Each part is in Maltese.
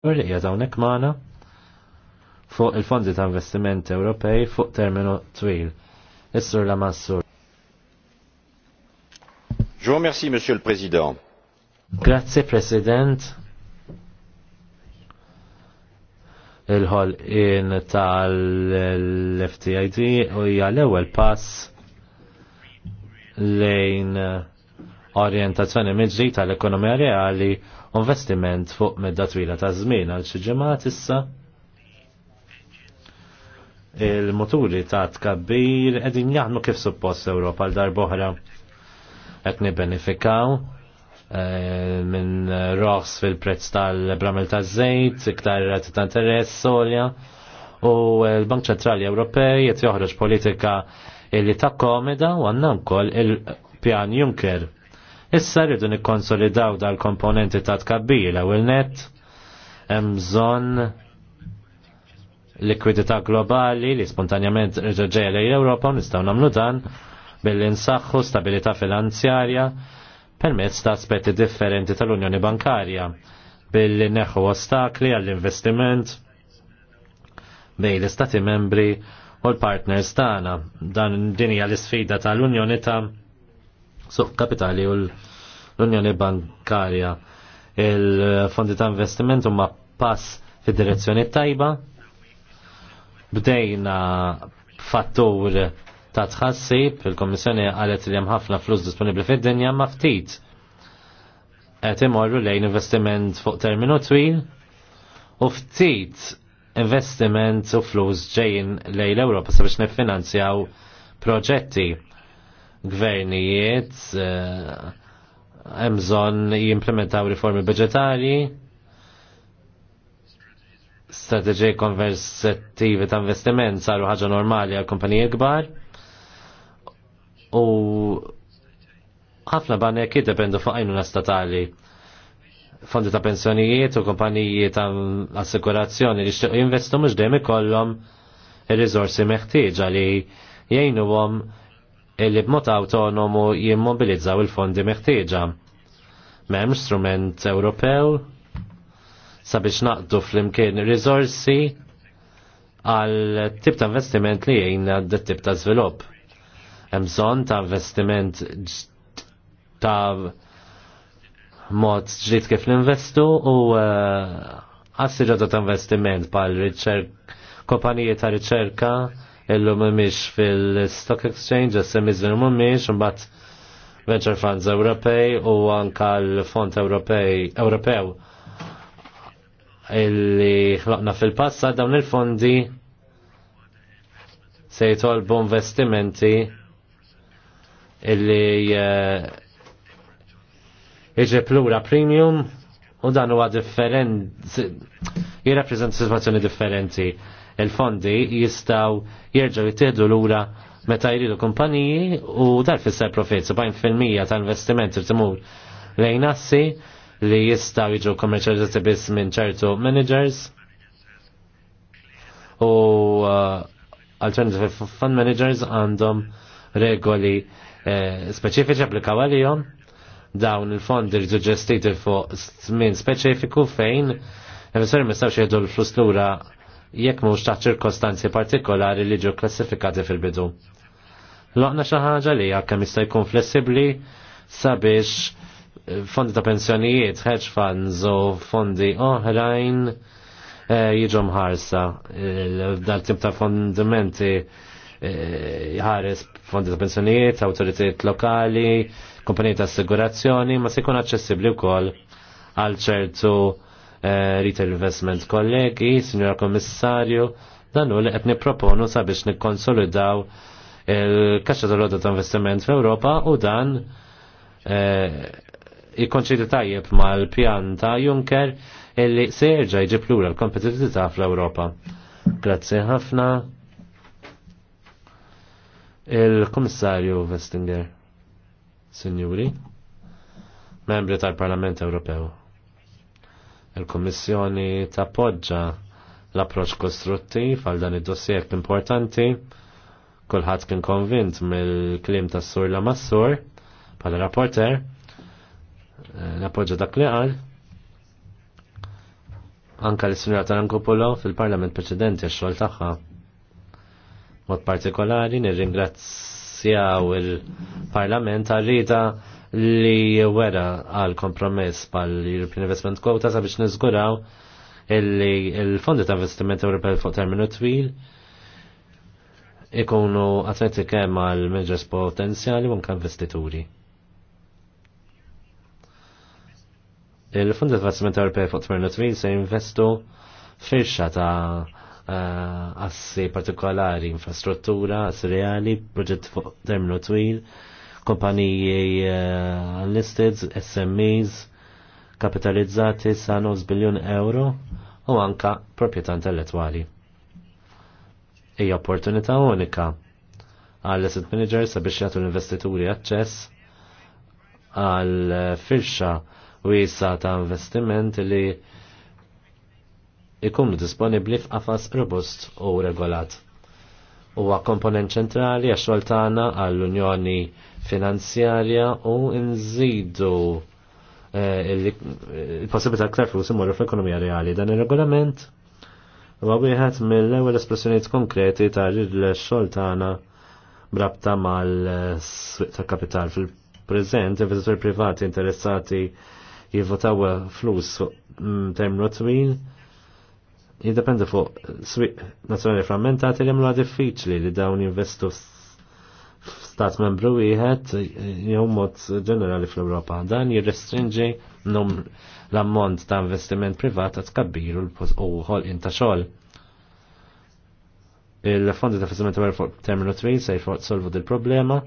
U li qiegħed fuq il-fondi ta' investiment Ewropej fuq terminu twil. Is-sur la massur. Je vous remercie, Monsieur le Président. Grazie, President. Il-ħol in tal-FTID u hija l-ewwel pass lejn orientazzjoni miġri tal-ekonomija reali investiment fuq medda twila ta' żmien għal xi ġimgħat issa il muturi ta' tkabbir qegħdin jaħdmu kif suppost Ewropa għal darboħra qed nibbenefikaw eh, minn roħs fil-prezz tal-bramel ta' żejt iktar rati ta' interess solja, u l-Bank Ċentrali Ewropej qed joħroġ politika illi ta' komeda u għandna wkoll il-pjan Juncker Issa rridu nikkonsolidaw dal-komponenti ta' tkabbir l net hemm bżonn likwidità globali li spontanjament ġeġeja lejn Ewropa u nistgħu nagħmlu dan billi nsaħħu stabilità finanzjarja permezz ta' aspetti differenti tal-Unjoni Bankarja billi neħu ostakli għall-investiment bej l-Istati membri u l-partners tagħna. Dan din hija l-isfida tal-Unjoni ta' suq kapitali u l-Unjoni Bankarja. Il-fondi ta' investiment huma pass fid direzzjoni tajba. Bdejna fattur ta' tħassib, il komissjoni qalet li hemm ħafna flus disponibbli fid-dinja ma' ftit. Qed imorru lejn investiment fuq terminu twil u ftit investiment u flus ġejn lejn l-Ewropa sabiex niffinanzjaw proġetti gvernijiet eh, hemm bżonn jimplementaw riformi budgetari, strateġiji konversettivi ta' investiment saru ħaġa normali għal kumpaniji kbar u ħafna banek jiddependu fuq għajnuna statali fondi ta' pensjonijiet u kompaniji ta' assikurazzjoni li xtiq jinvestu mhux dejjem ikollhom ir rizorsi meħtieġa li jgħinu għom illi b'mod autonomu jimmobilizzaw il-fondi meħtieġa. M'hemm strument Ewropew sabiex naqdu fl-imkien risorsi għal tip ta' investiment li jgħin d tip ta' svilupp. Mżon ta' investiment ta' mod ġrid kif ninvestu u għassi eh, uh, ta' investiment pal kopaniji ta' riċerka illum mhumiex fil-Stock Exchange, SMEs illum mhumiex, imbagħad Venture Funds Ewropej u anka l-Fond Ewropej Ewropew illi ħloqna fil-passa dawn il-fondi se jitolbu investimenti illi eh, iġib lura premium u dan huwa differenti jirrappreżenta situazzjoni differenti il-fondi jistaw jirġaw jittieħdu lura meta jridu kumpaniji u dar fisser profit 70% tal-investimenti timur lejn assi li jistaw jiġu kommerċjalizzati biss minn ċertu managers u uh, alternative fund managers għandhom regoli eh, speċifiċi applikaw għalihom dawn il-fondi rridu ġestiti fuq minn speċifiku fejn Investori ma stawx jgħidu l-flus l-ura jekk mhux taħt ċirkostanzi partikolari li ġew klassifikati fil-bidu. Loqna xi ħaġa li hekk hemm jista' jkun flessibbli sabiex eh, fondi ta' pensjonijiet, hedge funds u fondi oħrajn eh, jiġu mħarsa. Dal tip ta' fondimenti eh, jħares fondi ta' pensjonijiet, awtoritajiet lokali, kompanijiet ta' assigurazzjoni, ma se jkun aċċessibbli wkoll għal ċertu Eh, retail Investment kollegi, Signora Kommissarju, dan u li qed nipproponu sabiex nikkonsolidaw il-kaxxa tal ta' investiment f'Ewropa u dan jikkonċili eh, tajjeb mal-pjan ta' Juncker illi serġa jġib lura l-kompetitività fl-Ewropa. Grazzi ħafna. Il-Komissarju Vestinger, Signori, membri tal-Parlament Ewropew. Il-Kommissjoni tappoġġa l-approċ kostruttiv għal dan id-dossier importanti, kulħadd kien konvint mill-klim tas sur la massur bħala rapporter, eh, nappoġġa dak li qal. Anka l-Sinjora Tarankopolo fil-Parlament preċedenti x-xogħol tagħha. Mod partikolari nirringrazzjaw il-Parlament għal rida li wera għal kompromess pal European Investment Quota sabiex nizguraw illi il-fondi ta' investiment Ewropew fuq terminu twil ikunu atleti kemm għal meġres potenzjali u investituri. Il-fondi ta' investiment Ewropew fuq terminu twil se jinvestu firxa ta' eh, assi partikolari, infrastruttura, assi reali, proġett fuq terminu twil, kompaniji eh, listed, SMEs, kapitalizzati sa' 9 biljun euro u anka proprjetà intellettwali. Hija opportunità unika għall asset Manager sabiex jagħtu l-investituri aċċess għal firxa wiesa ta' investiment li ikunu disponibli f'qafas robust u regolat huwa komponent ċentrali għax tagħna għall-Unjoni Finanzjarja u nżidu eh, eh, il-possibilità aktar flus imorru fl-ekonomija reali. Dan ir-regolament huwa wieħed mill-ewwel espressjonijiet konkreti ta' xogħol tagħna brabta mal-swieq ta' kapital fil-preżent, investitori privati interessati jivvotaw flus mm, terminu twil jiddependi fuq swiq nazzjonali frammentati li mla diffiċli li dawn jinvestu f'stat membru wieħed jew mod ġenerali fl-Ewropa. Dan jirrestringi l-ammont ta' investiment privat ta' l u ħolqien ta' xogħol. Il-fondi ta' investiment fuq terminu 3 se jforq solvu dil-problema,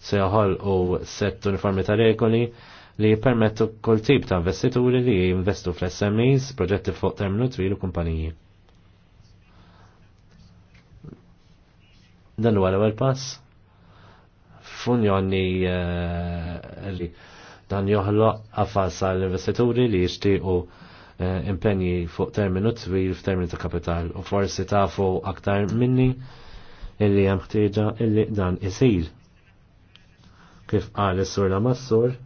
se joħol u set uniformi ta' regoli, li jipermettu kol tip ta' investituri li jinvestu fl-SMEs, proġetti fuq terminu twil u kumpaniji. Dan huwa l-ewwel pass. Funjoni eh, li dan joħloq għafas għall-investituri li jixtiequ eh, impenji fuq terminu twil f'terminu ta' kapital u forsi tafu aktar minni illi hemm ħtieġa illi dan isir. Kif qal is-sur la mas-sur,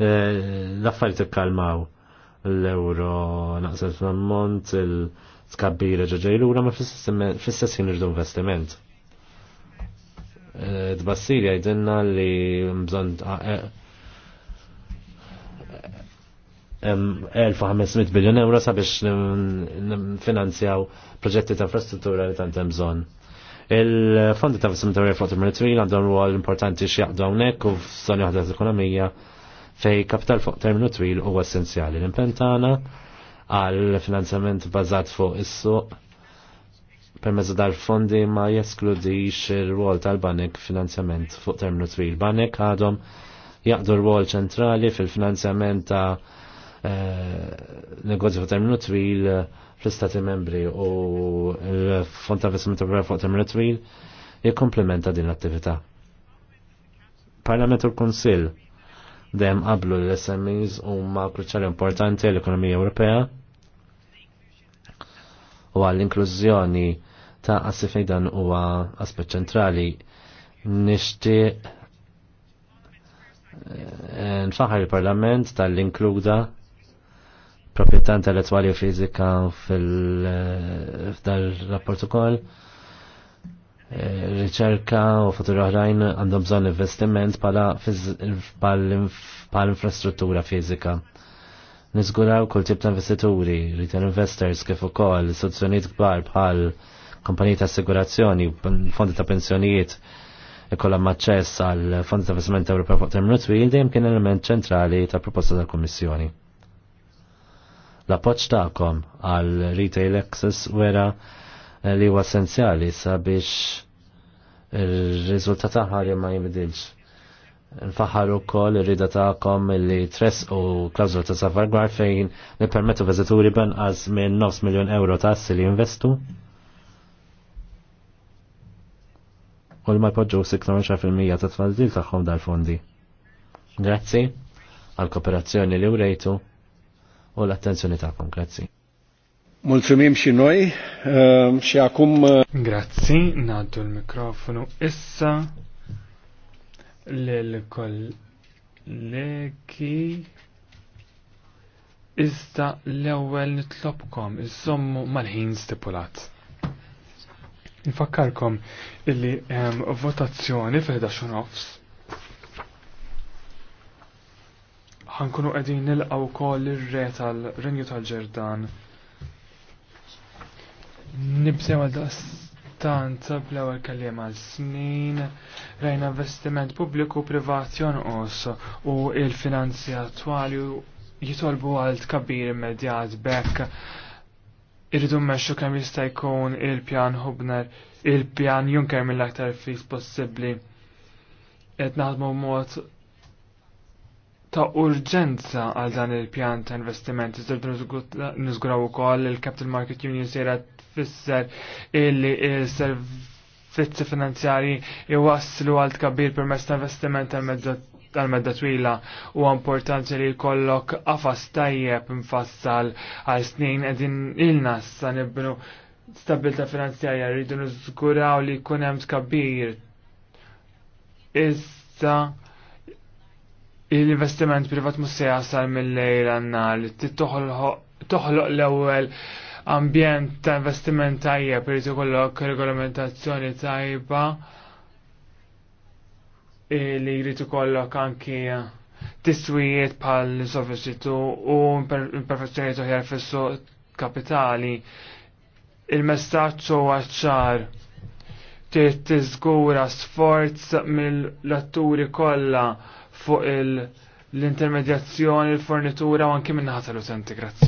Eh, l-affarijiet ikkalmaw l-euro naqset fl-ammont, il tkabbira ġeġej l ma fl-istess jien irdu investiment. Tbassir eh, jgħidilna li mżon 1500 biljon euro sabiex finanzjaw proġetti ta' infrastruttura li tantem bżon. bżonn. Il-fondi ta' investimenti Europea Flottimilitri għandhom rwol importanti x'jaqdu hawnhekk u f'żoni waħda l-ekonomija fej kapital fuq terminu twil huwa essenzjali. L-impentana għal finanzjament bazat fuq is-suq permezz dal-fondi ma jeskludix il wol tal-banek finanzjament fuq terminu twil. Banek għadhom jaqdu l-wol ċentrali fil-finanzjament ta' eh, negozju fuq terminu twil fl-istati membri u l-fond ta' investiment fuq terminu twil jikkomplementa din l-attività. Parlament u l-Konsil Dem qablu l-SMEs huma kruċjali importanti l-ekonomija Ewropea u għall-inklużjoni ta' assi dan huwa aspett ċentrali nixtieq eh, nfaħar il-Parlament tal-inkluda proprjetà intellettwali u fizika fil-dal eh, rapport ukoll riċerka u futur oħrajn għandhom bżonn investiment bħal infrastruttura fiżika. Niżguraw kull tip ta' investituri, retail investors kif ukoll istituzzjonijiet kbar bħal kompaniji ta' assigurazzjoni, fondi ta' pensjonijiet ikollhom aċċess għal fondi ta' investiment Ewropa fuq terminu twil dejjem kien element ċentrali ta' proposta tal-Kummissjoni. L-appoġġ tagħkom għal Retail Access wera li huwa essenzjali sabiex ir-riżultat ħarja ma jibdilx. Nfaħar ukoll ir-rida tagħkom li tres u klawżol ta' salvagward fejn nippermettu veżituri b'anqas minn nofs miljun euro ta' li jinvestu. u li ma jpoġġu mija ta' tfaddil tagħhom dal-fondi. Grazzi għal kooperazzjoni li urejtu u l-attenzjoni tagħkom. Grazzi. Mulzumim xi noi uh, akum. Uh, Grazzi, naddu l mikrofonu issa l-kollegi Iżda l-ewwel nitlobkom iżommu mal-ħin stipulat. Nfakkarkom illi hemm votazzjoni fil-11 nofs. Ħankunu qegħdin nilqgħu wkoll ir-re tal-Renju tal-Ġerdan Nibsew għal-dastant bl-ewwel kelliem għal snin rajna investiment pubbliku privat jonqos u il-finanzi attwali jitolbu għal tkabbir immedjat bekk irridu mmexxu kemm jista' jkun il-pjan Hubner il-pjan Junker mill-aktar fis possibbli qed naħdmu mod ta' urġenza għal dan il-pjan ta' investimenti. Zirdu nizguraw u koll il-Capital Market Union sejra tfisser il-servizzi finanzjari iwasslu għal tkabbir permess ta' investiment tal-medda twila u importanti li kollok għafas tajjeb mfassal għal snin edin il-nas sa' ibnu stabilta finanzjarja rridu nizguraw li kunem tkabbir. Issa l-investiment privat mus se jasal mill-lejl għanna li toħloq l-ewwel ambjent ta' investiment tajjeb irid ikollok regolamentazzjoni tajba li jrid ikollok anki tiswijiet bħal sofistitu u imperfezzjoni toħjar fis-suq kapitali. Il-messaġġ huwa ċar tiżgura sforz mill-atturi kollha fuq l-intermedjazzjoni, l-fornitura u anki minnaħat tal-utenti. Grazzi.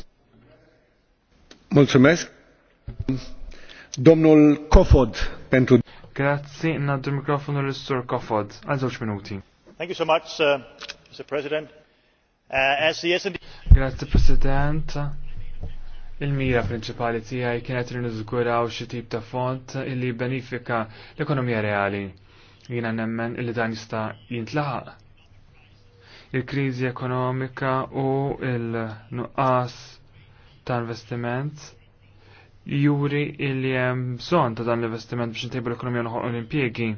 Mulțumesc. Domnul Kofod pentru... Grazzi, naddu mikrofonul l-Sur Kofod. Għal żewġ minuti. Thank you so much, uh, Mr. President. Uh, as the SMB... Grazie, President. Il-mira prinċipali tiegħi kienet li niżguraw xi tip ta' font illi benifika l-ekonomija reali. Jiena nemmen illi dan jista' jintlaħaq il-kriżi ekonomika u il-nuqqas ta' investiment juri il-li jem bżonn ta' dan l-investiment biex intejbu l-ekonomija noħolqu l-impjiegi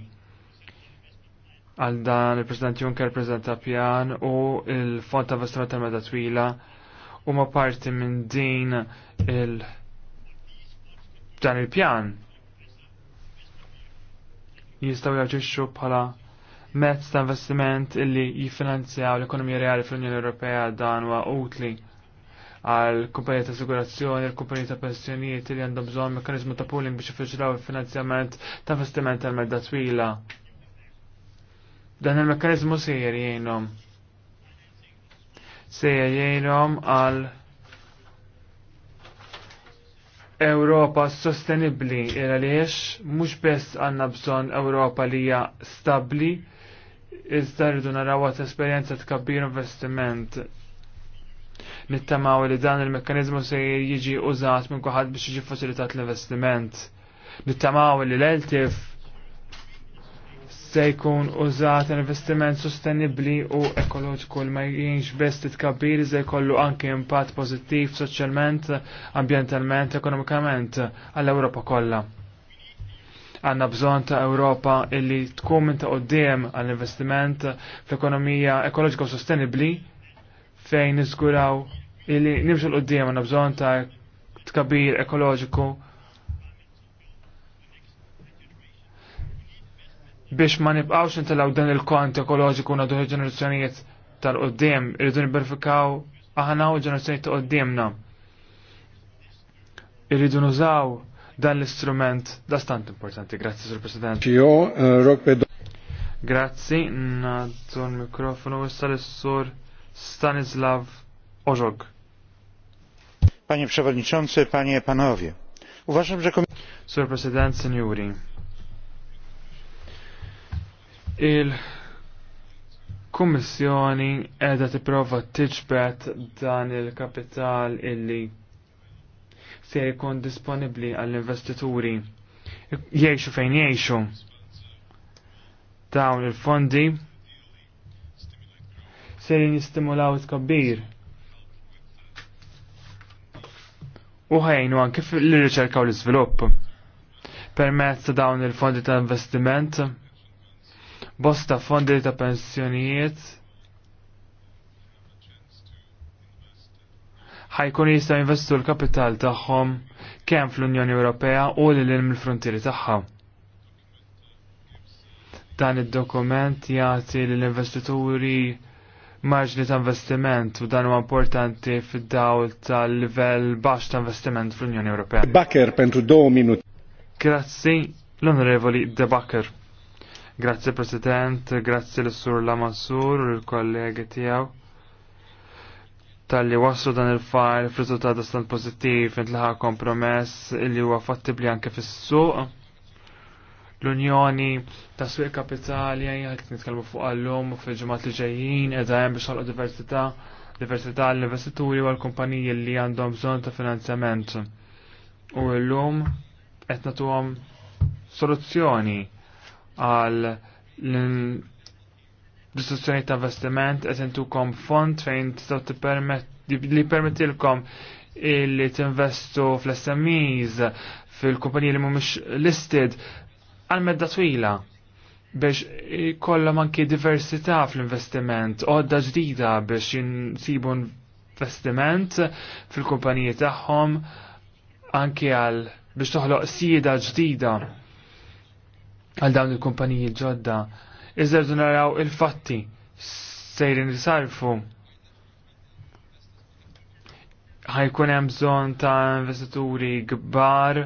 għal dan il-President Juncker prezenta pjan u il-Fond ta' Investiment ta' Meda Twila u ma parti minn din il- dan il-pjan jistaw jaġixxu bħala mezz ta' investiment illi jiffinanzjaw l-ekonomija reali fl-Unjoni Ewropea dan huwa utli għal kumpanija ta' assigurazzjoni, l-kumpanija ta' pensjonijiet li għandhom bżonn mekanizmu ta' pooling biex iffiċilaw il-finanzjament ta' investiment tal-medda twila. Dan il-mekanizmu sejjer jgħinhom. Sejjer jgħinhom għal Europa sostenibli, għaliex mhux biss għandna bżonn Ewropa li hija stabbli, iżda rridu naraw għat esperjenza tkabbir investiment. Nittamaw li dan il-mekkanizmu se jiġi użat minn kuħad biex jiġi faċilitat l-investiment. Nittamaw li l-eltif se jkun użat investiment sostenibli u ekoloġiku li ma jienx biss titkabbir se jkollu anke impatt pożittiv soċjalment, ambjentalment, ekonomikament għall-Ewropa kollha għanna bżon ta' Ewropa illi tkun minn ta' qoddim għall-investiment fl-ekonomija ekoloġika u sostenibli fejn niżguraw illi nimxu l-qoddim għanna bżon ta' tkabir ekoloġiku biex ma nibqawx intilaw dan il-kont ekoloġiku nadu ġenerazzjonijiet tal-qoddim, irridu nibberfikaw aħna u ġenerazzjonijiet ta' qoddimna. Irridu nużaw dan l-istrument da stant importanti. Grazzi, Sur President. Jo, eh, Rope. Grazzi, l-mikrofonu issa l-Sur Stanislav Ożog. Panie Przewodniczący, Panie, Panowie. Uważam, że... Sur President, Signori. Il kummissjoni edha tipprova tiġbed dan il-kapital illi se jkun disponibbli għall-investituri jgħixu fejn jgħixu. Dawn il-fondi se it-kabbir. U ħajnu anke l-riċerka u l-iżvilupp. Permezz ta' dawn il-fondi ta' investiment, bosta fondi ta' pensjonijiet, ħajkun jista' jinvestu l-kapital tagħhom kemm fl-Unjoni Ewropea u lil mill-frontieri tagħha. Dan id-dokument jagħti lill-investituri marġni ta' investiment u dan huwa importanti fid-dawl tal-livell baxx ta' investiment fl-Unjoni Ewropea. Bakker pentru 2 minuti. Grazzi l-Onorevoli De Bakker. Grazzi President, grazzi l-Sur Lamassur u l-kollegi tiegħu tal-li waslu dan il-fajl f'riżultat istan pozittiv liħa kompromess li huwa fattibli anke fis-suq. L-Unjoni ta' Swieq Kapitali jekk nitkellmu fuq għallum fil-ġimgħat li ġejjin qiegħda hemm biex ħolqu diversità diversità l-investituri u l-kumpaniji li għandhom bżonn ta' finanzjament. U llum qed nagħtuhom soluzzjoni għal b'istruzzjoni ta' investiment, qed intukom fond fejn tistgħu li permettilkom li tinvestu fl-SMEs fil-kumpaniji li mhumiex listed għal medda twila biex kollha anki diversità fl-investiment, għodda ġdida biex jinsibu investiment fil-kumpaniji tagħhom anki għal biex toħloq sieda ġdida għal dawn il-kumpaniji ġodda iżerdu naraw il-fatti sejrin li sarfu. Ħajkun hemm bżonn ta' investituri kbar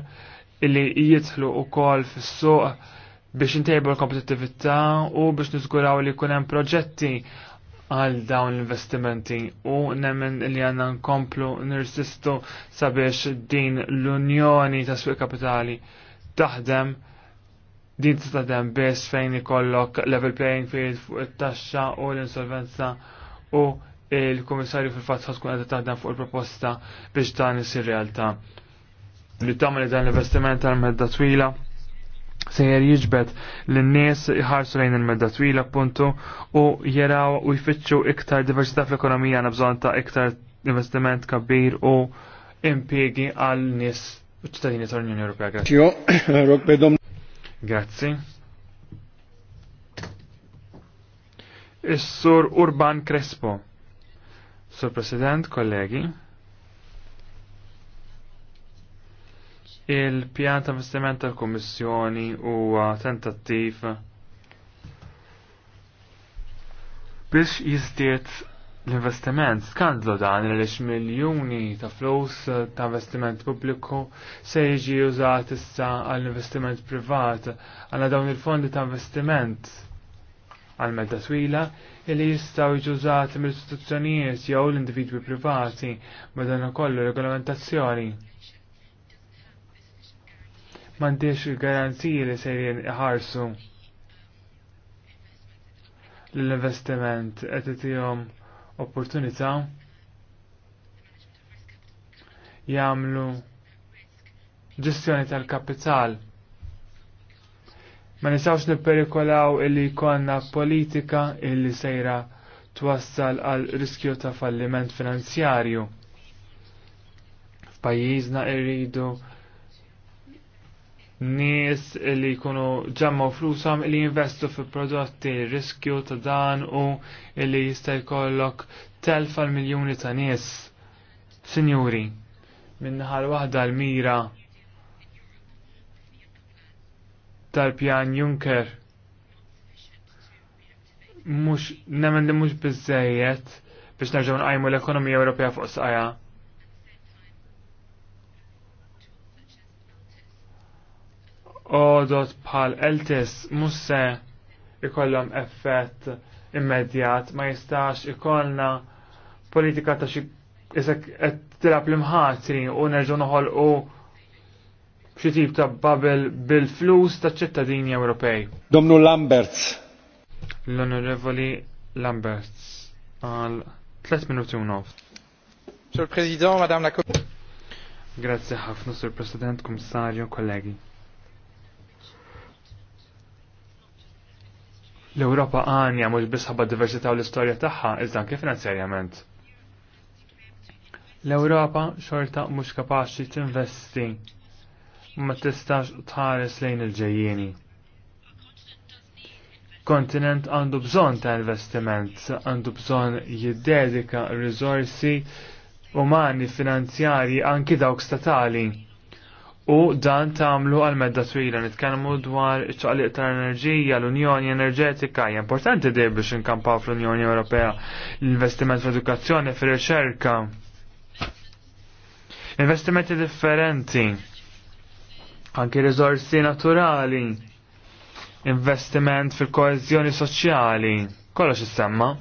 illi jidħlu wkoll fis-suq biex intejbu l-kompetittività u biex niżguraw li jkun hemm proġetti għal dawn l-investimenti u nemmen li għanna nkomplu nirsistu sabiex din l-unjoni ta' swiq kapitali taħdem din tista' dem biss fejn ikollok level playing field fuq it-taxxa u l-insolvenza u il-Kummissarju fil-fatt ħad tkun qed taħdem fuq il-proposta biex dan isir realtà. Li tagħmel dan l-investiment għal medda twila se jer jiġbed l-nies jħarsu lejn il-medda twila puntu u jaraw u jfittxu iktar diversità fl-ekonomija għandna bżonn ta' iktar investiment kabbir u impiegi għal nies u ċittadini tal-Unjoni Ewropea. Grazzi. Is-Sur Urban Crespo. Sur President, kollegi. Il-pjan ta' investiment tal-Kommissjoni huwa tentattiv biex jizdiet l-investiment skandlu dan li miljoni ta' flus ta' investiment pubbliku se jiġi użat issa għall investiment privat għal dawn il-fondi ta' investiment għal medda twila li jistaw jiġu użati mill-istituzzjonijiet jew l-individwi privati madan ukollu regolamentazzjoni. M'għandix il-garanziji li se iħarsu l-investiment qed opportunità jagħmlu ġestjoni tal-kapital. Ma nistgħux nipperikolaw illi jkollna politika illi sejra twassal għal riskju ta' falliment finanzjarju. F'pajjiżna irridu nies li jkunu ġammaw flusam li jinvestu fi prodotti riskju ta' dan u li jista' jkollok telfa miljoni ta' nies. Sinjuri, minnaħal waħda l-mira tal-pjan Juncker mux, nemmen li mux bizzejiet biex nerġaw nqajmu l-ekonomija Ewropea fuq sqaja odot bħal eltis musse ikollhom effett immedjat ma jistax ikollna politika ta' xi jisek qed tilab l-imħatri u nerġgħu noħolqu xi tip ta' babel bil-flus ta' ċittadini Ewropej. Domnu Lamberts. L-Onorevoli Lamberts għal 3 minuti u nof. Sur President, Madame la Grazie ħafna, Sur President, Komissario, kollegi. L-Ewropa għanja mhux biss diversita u l-istorja tagħha iżda anke finanzjarjament. L-Ewropa xorta mhux kapaċi tinvesti ma tistax tħares lejn il-ġejjieni. Kontinent għandu bżon ta' investiment, għandu bżon jiddedika risorsi umani, finanzjari, anki dawk statali U dan tamlu għal medda twila nitkellmu dwar iċċaqliq tal-enerġija, l-Unjoni Enerġetika, hija importanti dej biex inkampaw fl-Unjoni Ewropea l-investiment fl-edukazzjoni, fir-riċerka. Investimenti differenti, anki rizorsi naturali, investiment fil-koezjoni soċjali, kollox issemma.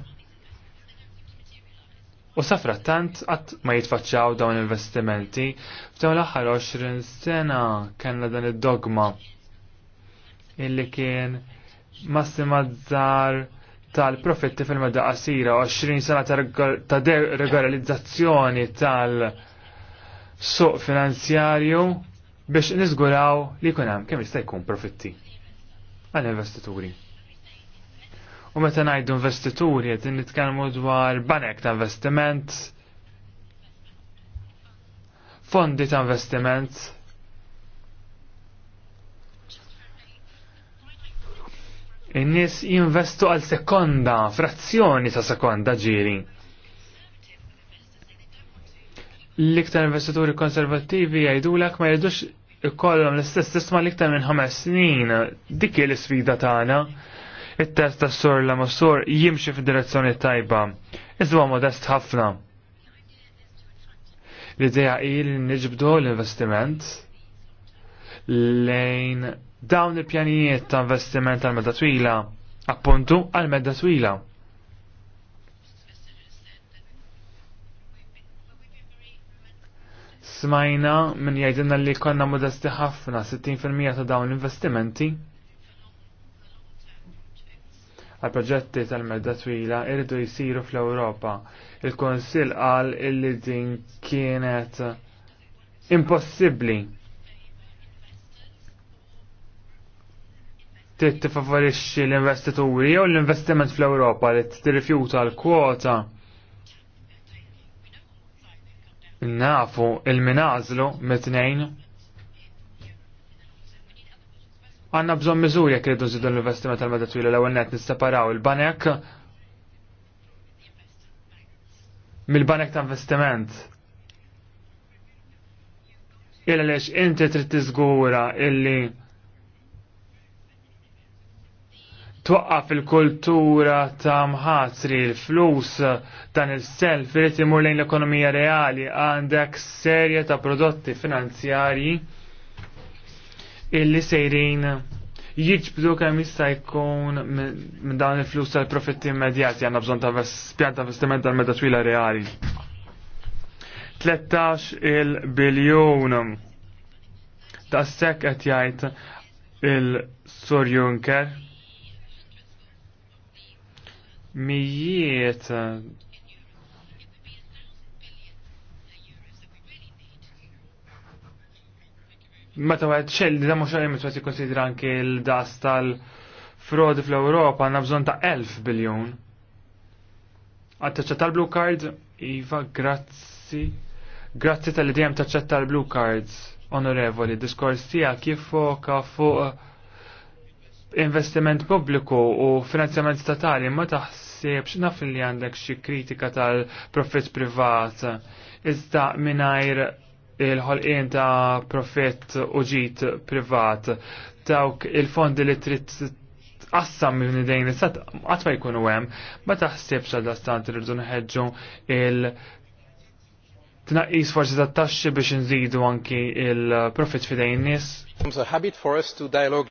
U safrattant għat ma jitfaċċaw dawn investimenti, f'dawn l-aħħar 20 sena kellna dan id-dogma illi kien massimizzar tal-profitti fil-medda qasira 20 sena ta' regolarizzazzjoni tal-suq finanzjarju biex nizguraw li kunem hemm kemm jista' jkun profitti għall-investituri. U meta ngħidu investituri qed nitkellmu dwar banek ta' investiment, fondi ta' investiment. In-nies jinvestu għal sekonda, frazzjoni ta' sekonda ġiri. L-iktar investituri konservattivi jgħidulek ma jgħidux ikollhom l-istess tisma l-iktar minn ħames snin. Dik hi l-isfida tagħna it-test tas sur la massur jimxi f'direzzjoni tajba. Iżda modest ħafna. L-idea hi li niġbdu l-investiment lejn dawn il-pjanijiet ta' investiment għal medda twila, appuntu għal medda twila. Smajna minn jgħidilna li konna modesti ħafna 60% ta' dawn l-investimenti għal proġetti tal-medda twila irridu jisiru fl-Ewropa. Il-Konsil qal illi din kienet impossibbli. Titt tifavorixxi l-investituri jew l-investiment fl-Ewropa li tirrifjuta l-kwota. Nafu il-minazlu mit-tnejn Għanna bżon miżuri jekk rridu nżidu l-investiment tal-meta twila l-ewwel net nisseparaw il-banek mill-banek ta' investiment. Illa lex inti trid tiżgura illi twaqqaf il-kultura ta' mħatri l-flus dan il-self irid imur lejn l-ekonomija reali għandek serje ta' prodotti finanzjarji illi sejrin jiġbdu kem jista' jkun minn dawn il-flus tal-profitti immedjati għandna bżonn ta' spjan ta' vestiment tal-meta twila reali. 13 il-biljun ta' sekk qed jgħid il-Sur Juncker mijiet meta għed xelli da mux għalim meta konsidra anki l-das tal-frodi fl-Europa għanna bżon ta' 1000 biljon. Għattaċċa tal-blue card, Iva, grazzi. Grazzi tal-li dijem taċċa tal-blue cards, onorevoli, diskors tija kif foka fuq investiment pubbliku u finanzjament statali ma taħsibx naf li għandek xi kritika tal-profit privat iżda minajr il-ħolqien ta' profet uġit privat dawk il-fondi li trid assam minn idejn li sat qatt ma jkunu hemm ma taħsibx għal dastant irridu nħeġġu il tnaqqis forsi ta' taxxi biex nżidu anki il-profit fidejn nies. habit for us to dialogue.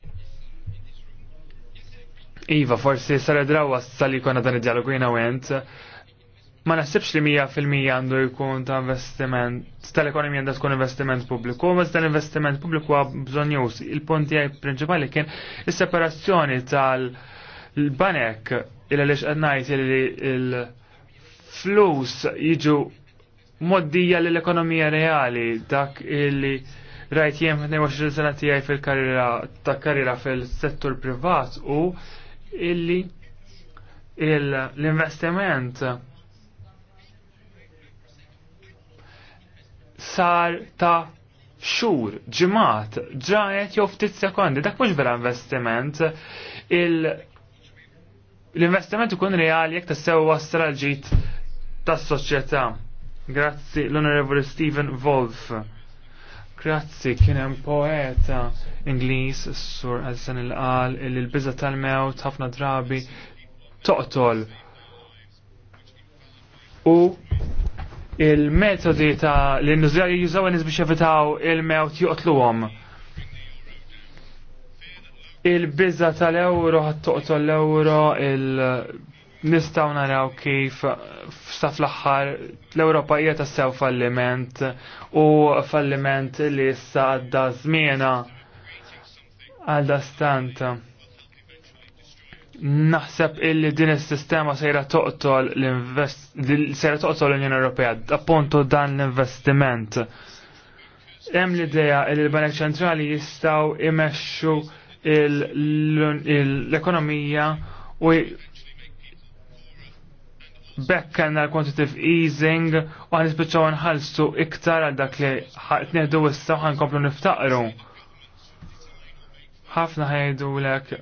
Iva, forsi sar drawa sal-li dan id-dialogu jina ma naħsibx li mija fil-mija għandu jkun ta' investiment tal-ekonomija għandha tkun investiment pubbliku, ma dan investiment pubbliku għab bżonjus. Il-punti prinċipali kien is-separazzjoni tal-banek il għaliex għadnajt li il-flus jiġu moddija l-ekonomija reali dak illi rajt jem 22 sena tijaj fil-karriera ta' karriera fil-settur privat u illi l-investiment il sar ta' xur, ġimat, ġajet jew ftit sekondi, dak mhux vera investiment. L-investiment ikun reali jekk tassew wasra ġit tas-soċjetà. Grazzi l-Onorevoli Stephen Wolf. Grazzi, kien hemm poeta Ingliż sur Azan il-qal li l-biża tal-mewt ħafna drabi toqtol. U il-metodi ta' l-innużjar jużaw nis biex jevitaw il-mewt joqtluhom. Il-bizza tal-euro ħattoqtol l-euro il-nistaw naraw kif sa fl-aħħar l-Ewropa hija tassew falliment u falliment li issa għadda żmiena għal stant naħseb illi din is-sistema sejra toqtol sejra toqtol l-Unjoni Ewropea appunto dan l-investiment. Hemm l-idea li l-Banek Ċentrali jistgħu imexxu l-ekonomija u bekk kellna l-quantitative easing u għan nisbitċaw nħallsu iktar għal dak li ħaqtnieħdu issa u ħankomplu niftaqru. Ħafna ħajdu lek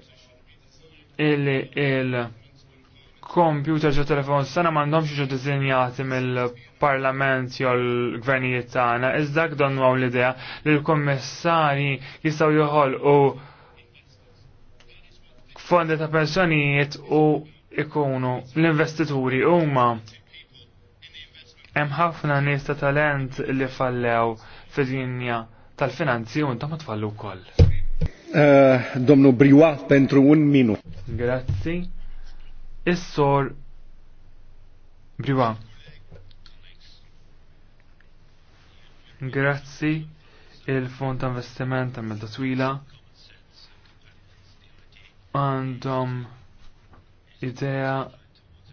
illi il-computer ġo telefon sana mandomx ġo dizinjati mill-parlament jew l-gvernijiet tagħna, iżda donnu għaw l-idea li l-kommissari jistgħu joħolqu fondi ta' pensjonijiet u ikunu l-investituri huma hemm ħafna nies ta' talent li fallew fid-dinja tal-finanzi u intom tfallu wkoll. Eh, domnu Briwa pentru un minut. Grazie. Essor Briwa. Grazzi il-fond investiment ta' Melda twila għandhom idea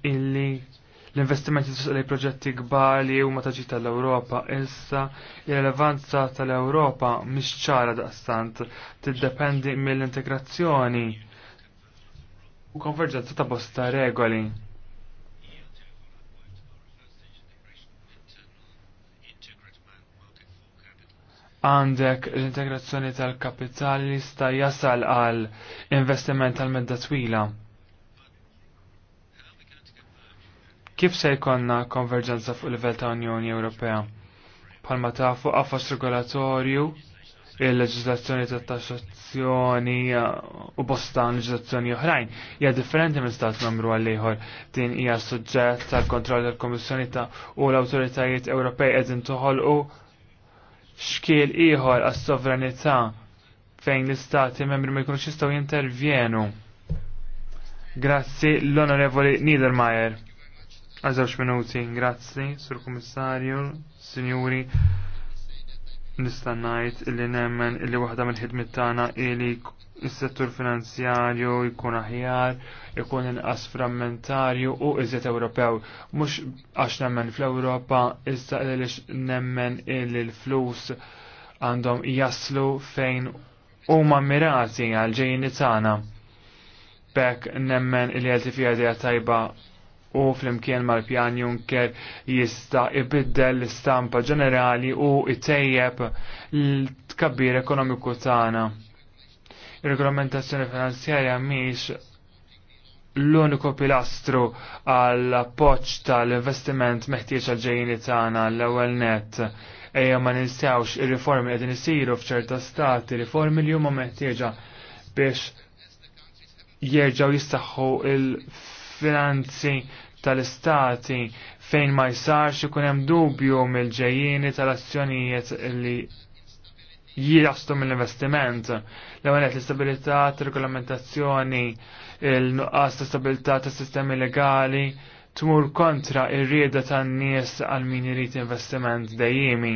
illi l-investimenti li proġetti kbar li huma taġi tal-Ewropa issa il-relevanza tal-Ewropa mhix ċara daqstant tiddependi mill-integrazzjoni u konverġenza ta' bosta regoli. għandek l-integrazzjoni tal-kapitali sta jasal għal investiment tal-medda twila. kif se jkollna konverġenza fuq livell ta' Unjoni Ewropea. Palma ta' fuq qafas regolatorju, il-leġislazzjoni ta' tassazzjoni uh, u bosta leġislazzjoni oħrajn hija differenti minn stat membru għal din hija suġġett ta' kontroll tal komissjoni ta' u l-awtoritajiet Ewropej qegħdin u xkiel ieħor għas-sovranità fejn l-istati membri ma jkunux jistgħu jintervjenu. Grazzi l-Onorevoli Niedermayer għazar minuti, grazzi, sur komissarju, signori, nistannajt illi nemmen illi waħda mill ħidmit tagħna ili s-settur finanzjarju jkun aħjar, jkun inqas frammentarju u iżjed Ewropew. Mhux għax nemmen fl-Ewropa, issa għaliex nemmen illi l-flus għandhom jaslu fejn huma mirati għal ġejni tagħna. Bek nemmen illi għalti fija tajba u flimkien mal-pjan Juncker jista ibiddel l-istampa ġenerali u it-tejjeb l-tkabbir ekonomiku tagħna. Ir-regolamentazzjoni finanzjarja miex l-uniku pilastru għall appoġġ tal-investiment meħtieġ għal-ġejjini tagħna l-ewwel net. Ejja ma ninsawx ir-riformi qegħdin isiru f'ċerta stati, riformi li huma meħtieġa biex jerġgħu jistaħħu il-finanzi tal-istati fejn ma jsarx ikun hemm dubju mill-ġejjieni tal-azzjonijiet li jirastu mill-investiment. L-ewwel l-istabilità regolamentazzjoni il-nuqqas ta' stabilità ta' sistemi legali tmur kontra ir-rieda tan-nies għal min irid investiment dejjimi.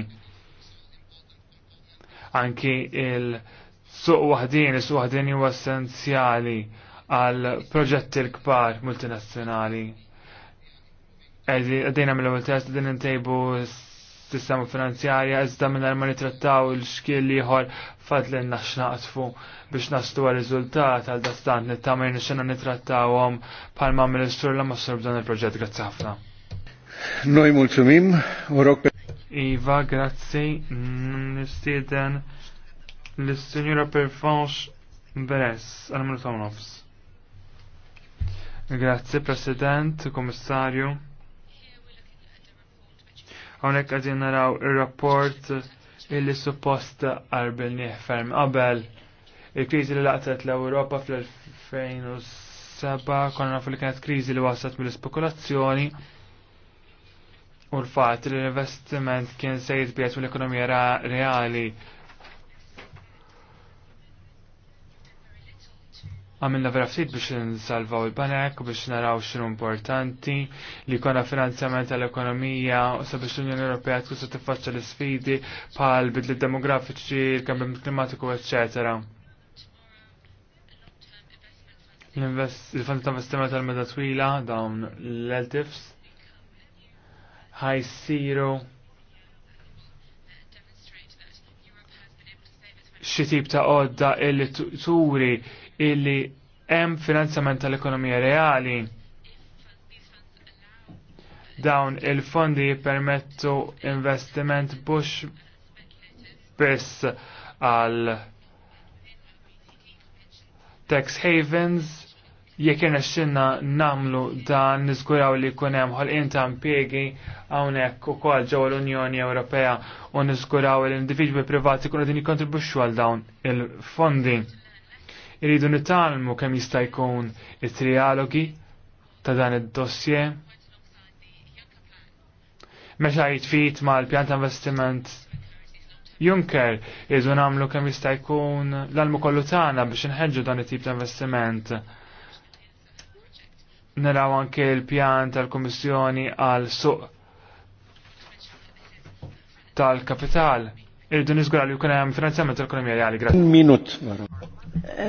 Anki il-suq waħdin, is-suq waħdin huwa essenzjali għal proġetti l-kbar multinazzjonali għadina mill-ewwel test din s sistema finanzjarja iżda minn ma nitrattaw il-xkiel ieħor fadli naxnaqtfu biex nastu għal rizultat għal dastant nittamajn xena għom palma mill-istur għamma s dan il-proġett grazzi ħafna. Noi u rok. Iva, grazzi, nistieden l-Sinjura Perfanx Beres, għal-minu nofs. Grazzi, President, Komissarju. Hawnhekk qegħdin naraw ir-rapport illi suppost għarbel ferm. qabel il-kriżi li laqtet l-Ewropa fl-2007 konna nafu li kienet kriżi li wasat mill-spekulazzjoni u l-fatt li l-investiment kien se jitbiet mill-ekonomija reali Għamilna vera ftit biex nsalvaw il-banek, biex naraw xinu importanti li kona finanzjament tal-ekonomija u sabiex l-Unjoni Ewropea tkun se tiffaċċa l-sfidi bħal bidli demografiċi, il-kambjament klimatiku, eccetera. Il-fond ta' investiment tal-meda twila dawn l-LTIFs ħajsiru xi tip ta' għodda illi turi illi hemm finanzjament tal-ekonomija reali. Dawn il-fondi jippermettu investiment bux biss għal tax havens jekk jena xinna namlu dan nizguraw li kunem ħolqin ta' għawnek hawnhekk ukoll ġaw l-Unjoni Ewropea u nizguraw l individwi privati kunu din jikontribwixxu għal dawn il-fondi. Iridu nitalmu kemm jista' jkun it-trialogi ta' dan id-dossier. Meċa jitfit mal-pjan ta' investiment Junker jridu nagħmlu kemm jista' jkun l-almu kollu tagħna biex nħedġu dan it-tip ta' investiment naraw anke l-pjan tal-Komissjoni għal suq tal-kapital. Irridu nizgura li jkun hemm finanzjament tal-ekonomija reali. Grazie. Minut.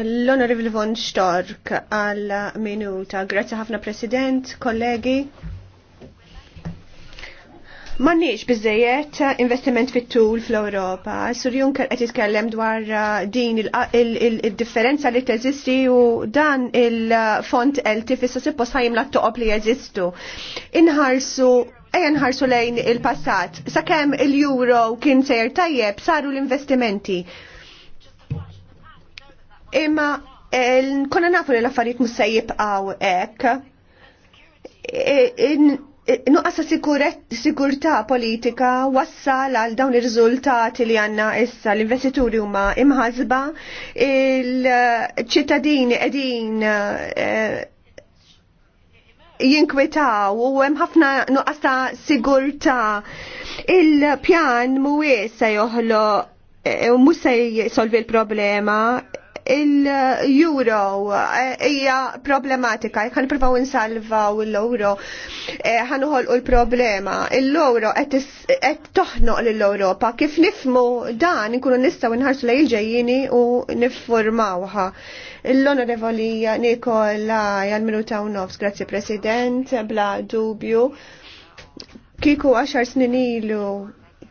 L-Onorevoli Von Stork għal minuta. Grazie ħafna President, kollegi nix bizzejiet eh, investiment fit-tul fl-Europa. Sur Juncker qed jitkellem dwar eh, din il-differenza li teżisti u dan il-font eltif issa suppost ħajmla t-toqob li jeżistu. Inħarsu Ejja nħarsu lejn il-passat. Sakemm il-euro kien sejr tajjeb saru l-investimenti. Imma eh, konna nafu li l-affarijiet mhux se jibqgħu hekk e, Nuqqasa sigurta politika wassal għal dawn ir-riżultati li għanna issa l-investituri huma imħazba, il-ċittadini qegħdin eh, jinkwetaw u hemm ħafna nuqqas ta' sigurta. Il-pjan mhuwiex se joħloq eh, mhux se jsolvi l-problema, il-euro eh, hija problematika, jekk ħanipruvaw insalvaw l-euro, eh, ħanuħolqu l-problema. L-euro qed toħnoq lill-Ewropa. Kif nifmu dan inkunu nistgħu nħarsu lejn ġejjini u niffurmawha. L-Onorevoli Nikola Jalminuta Unofs, grazzi President, bla dubju. Kiku għaxar snin ilu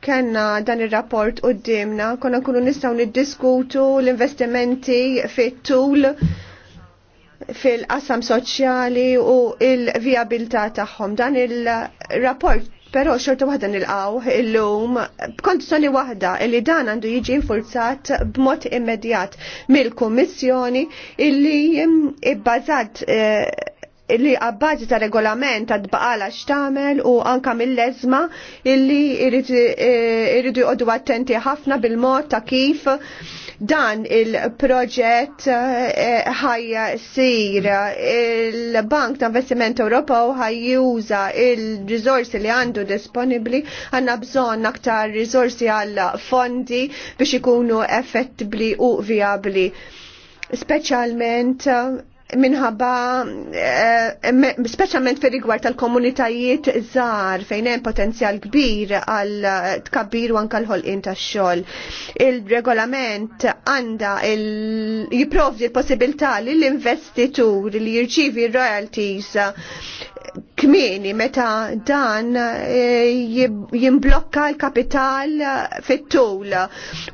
kena dan il-rapport u d-dimna, konna kunu nistaw niddiskutu l-investimenti fit-tul fil-qasam soċjali u il-viabilta tagħhom. Dan il-rapport Pero xorta waħda nil-qaw il-lum b'kondizjoni wahda li dan għandu jiġi infurzat b'mod immedjat mill-Kummissjoni illi ibbażat eh, li għabbaġi ta' regolament ta' dbaqala xtamel u anka mill-lezma illi e, irridu jqoddu attenti ħafna bil-mod ta' kif dan il-proġett e, ħajja sir il-Bank ta' Investiment Ewropew ħajjuża il-rizorsi li għandu disponibli għandna bżonn aktar rizorsi għal fondi biex ikunu effettibli u viabli specialment minħabba eh, speċjalment fir rigward tal-komunitajiet żgħar fejn hemm potenzjal kbir għal tkabbir u anke l-ħolqien tax-xogħol. Il-regolament għandha jipprovdi l-possibilità l investitur li jirċievi royalties kmini meta dan eh, jimblokka l-kapital eh, fit-tul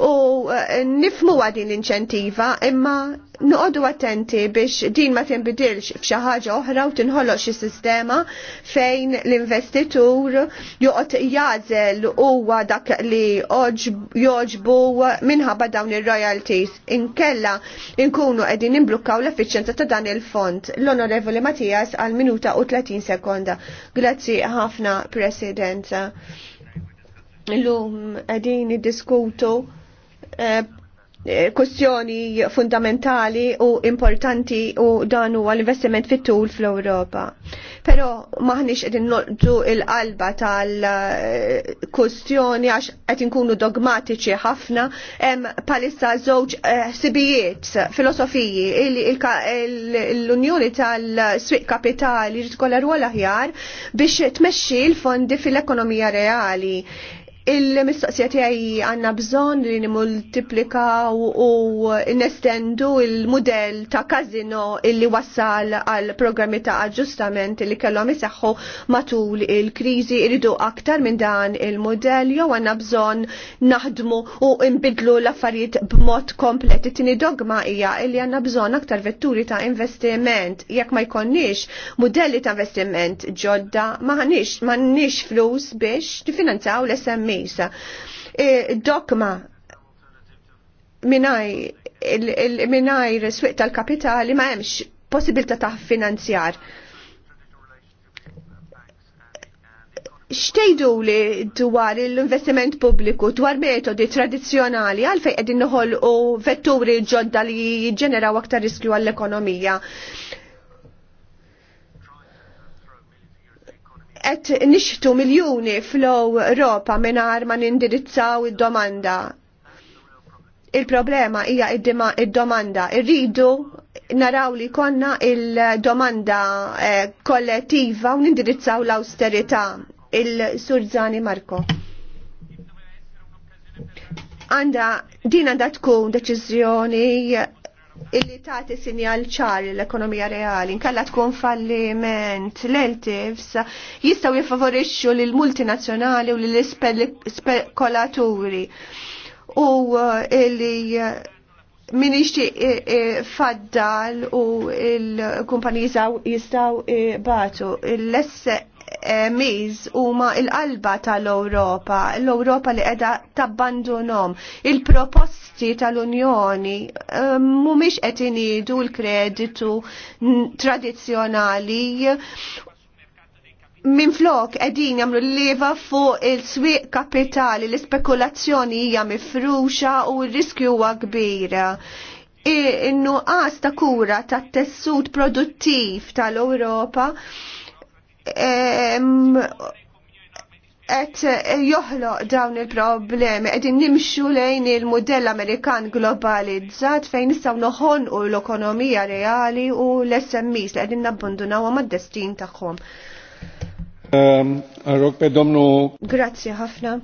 u eh, nifmu din l-inċentiva imma nuqodu attenti biex din ma tinbidilx f'xi ħaġa oħra u tinħoloq xi sistema fejn l-investitur joqgħod jażel huwa dak li joġbu minħabba dawn ir-royalties inkella inkunu qegħdin imblukkaw l-effiċjenza ta' dan il-fond. L-Onorevoli Mattias għal minuta u 30 sekund sekonda. Grazzi ħafna, President. Lum, għedin diskutu eh, Eh, kustjoni fundamentali u importanti u dan huwa l-investiment fit-tul fl-Ewropa. Però maħniex qegħdin noqdu il-qalba tal-kustjoni għax qed inkunu dogmatiċi ħafna hemm palissa żewġ ħsibijiet, eh, filosofiji l-Unjoni tal-Swiq Kapitali rid tkollha rwol aħjar biex tmexxi l-fondi fil-ekonomija reali Il-mistoqsija tiegħi għandna bżonn li nimultiplika u nestendu il-mudell ta' kazino illi wassal għal programmi ta' aġġustament li kellhom isaħħu matul il-kriżi iridu aktar minn dan il-mudell jew għandna bżonn naħdmu u nbidlu l-affarijiet b'mod komplet. It-tieni dogma hija li għandna bżonn aktar vetturi ta' investiment jekk ma jkollniex mudelli ta' investiment ġodda ma ħanix flus biex tifinanzaw l-SMI e il E, dogma minnaj minaj swiq tal-kapitali ma hemmx possibilità ta' finanzjar. Xtejdu li dwar l-investiment pubbliku, dwar metodi tradizjonali, għalfej qegħdin u vetturi ġodda li ġeneraw aktar riskju għall-ekonomija. qed nixtu miljuni fl-Europa mingħajr ma nindirizzaw id-domanda. Il-problema hija id-domanda. Irridu naraw li konna il-domanda eh, kollettiva u nindirizzaw l-austerità. Il-Surzani Marko għanda din għanda tkun deċizjoni illi tagħti sinjal ċar l-ekonomija reali, nkalla tkun falliment, l-eltifs jistgħu jiffavorixxu l multinazzjonali u l-spekolaturi. u eh, illi eh, min eh, faddal u l-kumpaniji jistaw batu l-esse Eh, miż huma l-qalba tal-Ewropa, l-Ewropa li qiegħda tabbandunhom Il-proposti tal-Unjoni eh, mhumiex qed inidu l-kreditu tradizzjonali minn flok edin jamlu l-leva fuq il-swiq kapitali, l-spekulazzjoni hija mifruxa u r-riskju huwa kbir. Innuqas ta' kura ta' tessut produttiv tal-Ewropa qed joħloq dawn il-problemi, qegħdin nimxu lejn il-modell Amerikan globalizzat fejn nistgħu u l-ekonomija reali u l-SMEs li qegħdin nabbundunaw mad-destin tagħhom. Rokpe domnu. Grazzi ħafna.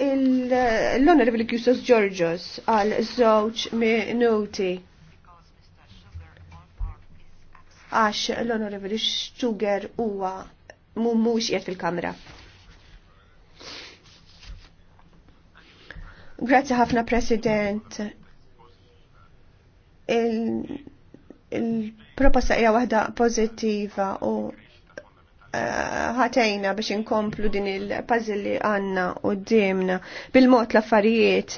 L-Honorable Kjusos Georgios għal żewġ minuti għax l-Onorevoli Stuger huwa mhux qiegħed fil-Kamra. Grazzi ħafna President. Il-proposta il hija waħda pożittiva u Eh, ħatejna biex inkomplu din il-puzzle li għanna u d-dimna. Bil-mod l-affarijiet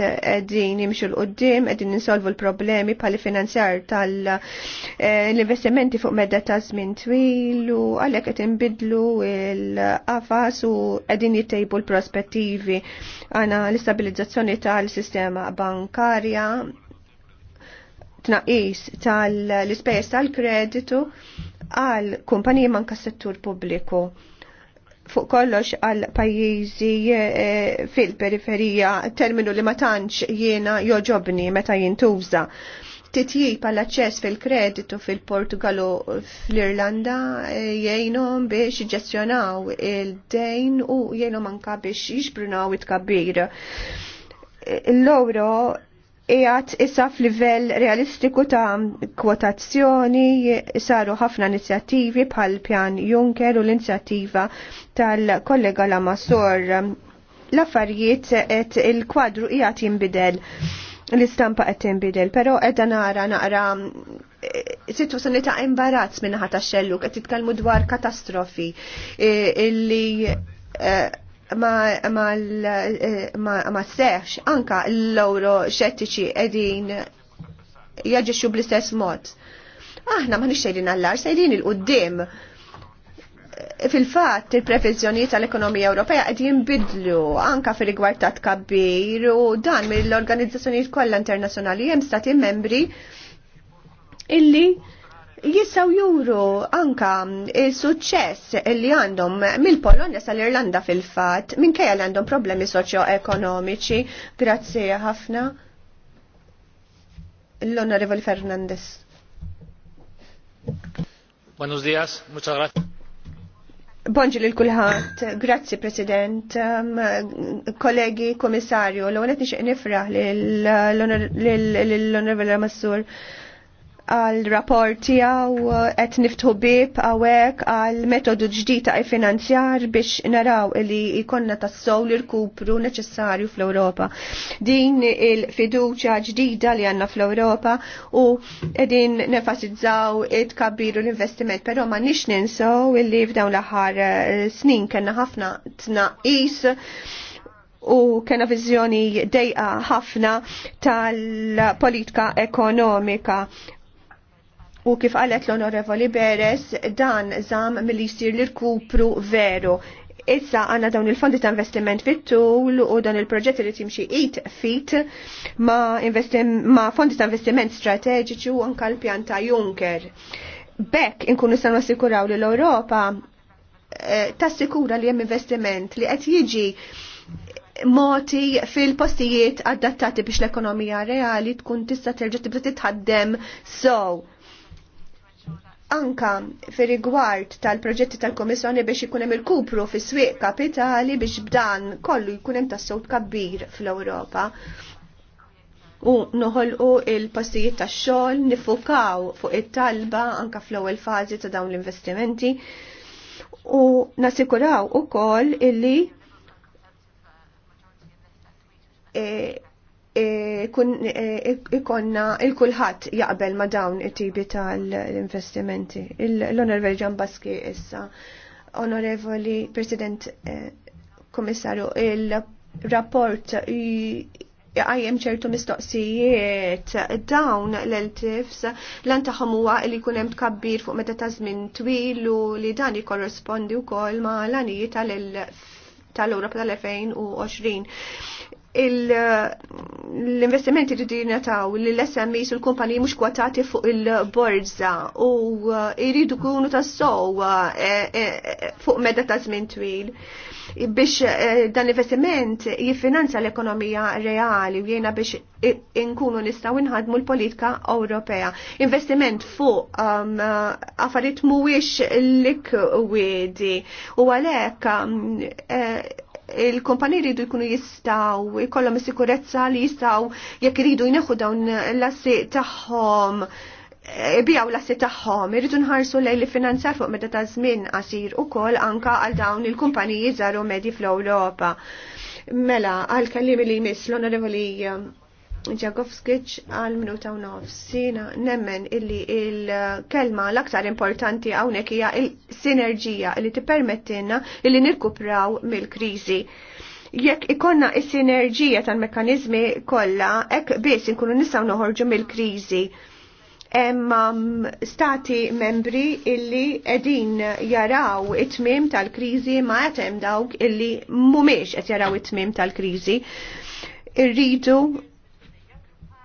din imxu l-qoddim, din insolvu l-problemi pali finanzjar tal-investimenti fuq medda ta' żmien twil u għalhekk qed inbidlu l-qafas u qegħdin jittejbu l-prospettivi għana l-istabilizzazzjoni tal-sistema bankarja tnaqis tal-ispejjeż tal-kreditu għal kumpaniji manka settur pubbliku fuq kollox għal pajjiżi eh, fil-periferija terminu li ma tantx jiena joġobni meta jintuża. Titjib għal aċċess fil-kreditu fil-Portugalu fl-Irlanda eh, jgħinhom biex ġestjonaw il-dejn u jgħinhom anka biex jiġbrunaw it-kabbir. L-loro eh, Ijat issa f'livell realistiku ta' kwotazzjoni saru ħafna inizjattivi bħal pjan Juncker u l-inizjattiva tal-kollega Lamassor. L-affarijiet et il-kwadru ijat jimbidel, l-istampa qed jimbidel, pero edda nara naqra eh, sani ta' imbarazz minnaħa ta' xellu, qed titkellmu dwar katastrofi eh, illi eh, ma seħx anka l-loro xettiċi edin jagġiċu bl-istess mod. Aħna ma nixxejrin għallar, sejrin il-qoddim. Fil-fatt, il-previżjoni tal-ekonomija Ewropea għed jinbidlu anka fir-rigward ta' tkabbir u dan mill-organizzazzjonijiet kollha internazzjonali hemm stati membri illi jissaw juru anka il-suċċess li għandhom mill-Polonja sal-Irlanda fil-fat, minn kajja li għandhom problemi soċjo-ekonomiċi. Grazzi ħafna. L-Onorevoli Fernandez. Buenos dias, muchas gracias. Bonġi li l-kulħat, grazzi President, um, kollegi, komissarju, l-għonet nixq nifraħ l-Onorevole Massur għal rapporti għaw għet niftħu bib għawek għal metodu ġdita għaj finanzjar biex naraw li jikonna tassow li rkupru neċessarju fl-Europa. Din il-fiduċa ġdida li għanna fl-Europa u din nefasizzaw id kabbiru l-investiment, pero ma nix ninsaw li f'dawn l eh, snin kena ħafna tnaqis u kena vizjoni dejqa ħafna tal-politika ekonomika U kif għalet l-Onorevoli Beres, dan zam mill-li jisir l kupru veru. Issa għanna dawn il-fondi ta' investiment fit-tul u dan il-proġett li timxi 8 fit ma, ma fondi ta' investiment strateġiċi u anka l-pjan ta' Juncker. Bekk inkunu sa' assikuraw li l-Europa eh, tassikura li hemm investiment li qed jiġi moti fil-postijiet adattati biex l-ekonomija reali tkun tista' terġa' tibda titħaddem sow anka fir rigward tal-proġetti tal-Komissjoni biex ikun hemm il-kupru fis swieq kapitali biex b'dan kollu jkun hemm tas-sowt kabbir fl-Ewropa. U noħolqu il-postijiet tax-xogħol nifukaw fuq it-talba anka fl-ewwel fażi ta' dawn l-investimenti u nasikuraw ukoll illi e, E, e, e, ikonna il-kulħat jaqbel ma dawn it-tibi tal-investimenti. L-Onorevoli Baski issa, Onorevoli President Komissarju, il-rapport għajem ċertu mistoqsijiet dawn l-LTIFs lan taħamuwa huwa li jkun hemm tkabbir fuq meta ta' żmien twil u li dan jikorrespondi wkoll ma' l-għanijiet tal europa tal-2020 l-investimenti li taw li l smi u l kumpani mux kwatati fuq il-borza u uh, iridu kunu sow uh, e, e, e, fuq medda ta' żmien twil biex uh, dan l-investiment jiffinanza l-ekonomija reali u jena biex inkunu nistaw inħadmu l-politika Ewropea. Investiment fuq um, affarijiet mhuwiex likwidi u għalhekk um, il-kumpaniji jridu jkunu jistaw, jkollhom is-sikurezza li jistaw jekk iridu jneħu dawn l-assi tagħhom eh, bijaw l-assi tagħhom iridu nħarsu lejn li finanzjar fuq meta ta' żmien qasir ukoll anka għal dawn il-kumpaniji żaru medji fl-Ewropa. Mela, għal kallim li jmiss l-onorevoli eh, Ġagovskic għal minuta u nof. Sina nemmen illi il-kelma l-aktar importanti għawnek hija il-sinerġija illi tippermettilna illi nirkupraw mill-kriżi. Jekk ikonna il sinerġija tal mekanizmi kollha, hekk biss inkunu nistgħu noħorġu mill-kriżi Emma stati membri illi edin jaraw it-tmim tal-kriżi ma qed hemm dawk illi mhumiex qed jaraw it-tmim tal-kriżi. Irridu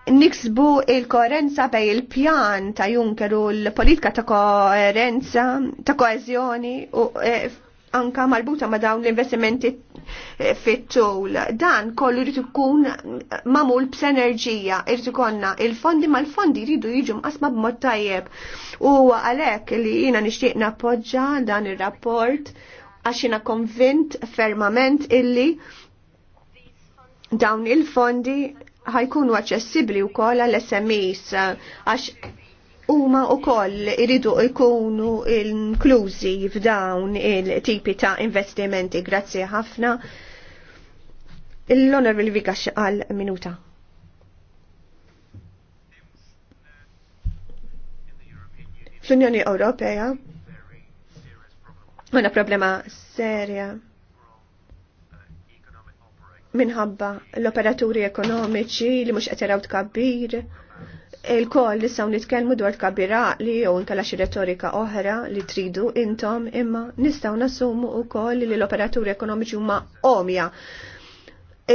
niksbu il-koerenza bej il-pjan ta' Juncker u l-politika ta' koerenza, ta' koezjoni u e, anka marbuta ma' dawn l-investimenti e, fit-tul. Dan kollu jrid ikun mamul b'senerġija, rritu ikonna il-fondi mal-fondi jridu jiġu mqasma b'mod tajjeb. U għalhekk li jiena nixtieq nappoġġa dan ir-rapport għax jiena konvint fermament illi dawn il-fondi ħajkunu aċċessibbli wkoll għall smes għax huma wkoll iridu jkunu inklużi f'dawn il-tipi ta' investimenti. Grazzi ħafna. L-Honorable Vika għal minuta. Fl-Unjoni Ewropea għandna problema serja minħabba l-operaturi ekonomiċi li mhux qed tkabbir. Il-koll li saw nitkellmu dwar tkabbira li jew inkella xi retorika oħra li tridu intom imma nistgħu nassumu wkoll li l-operaturi ekonomiċi huma omja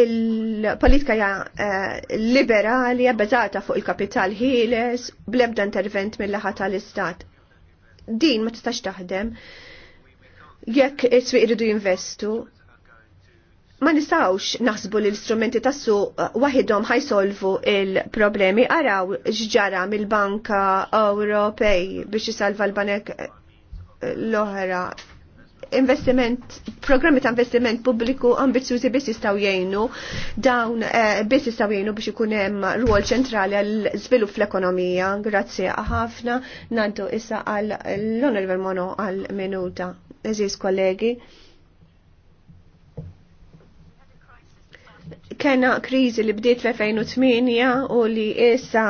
il-politika ja, eh, liberali jabbeżata fuq il-kapital ħieles blebda intervent mill-laħa tal-istat. Din ma tistax taħdem jekk is-swieq iridu jinvestu ma nistawx naħsbu l-istrumenti tassu uh, wahidom ħajsolvu il-problemi. Araw xġara mill-Banka Ewropej biex jisalva l-banek uh, l-oħra. Investiment, programmi ta' investiment pubbliku ambizjużi biss jistaw jgħinu, dawn uh, biss jistaw jgħinu biex ikun hemm rwol ċentrali għal żvilupp fl-ekonomija. Grazzi ħafna, nantu issa għal l-Honorable Mono għal minuta. Eżis kollegi. kena krizi li bdiet fl-2008 u li issa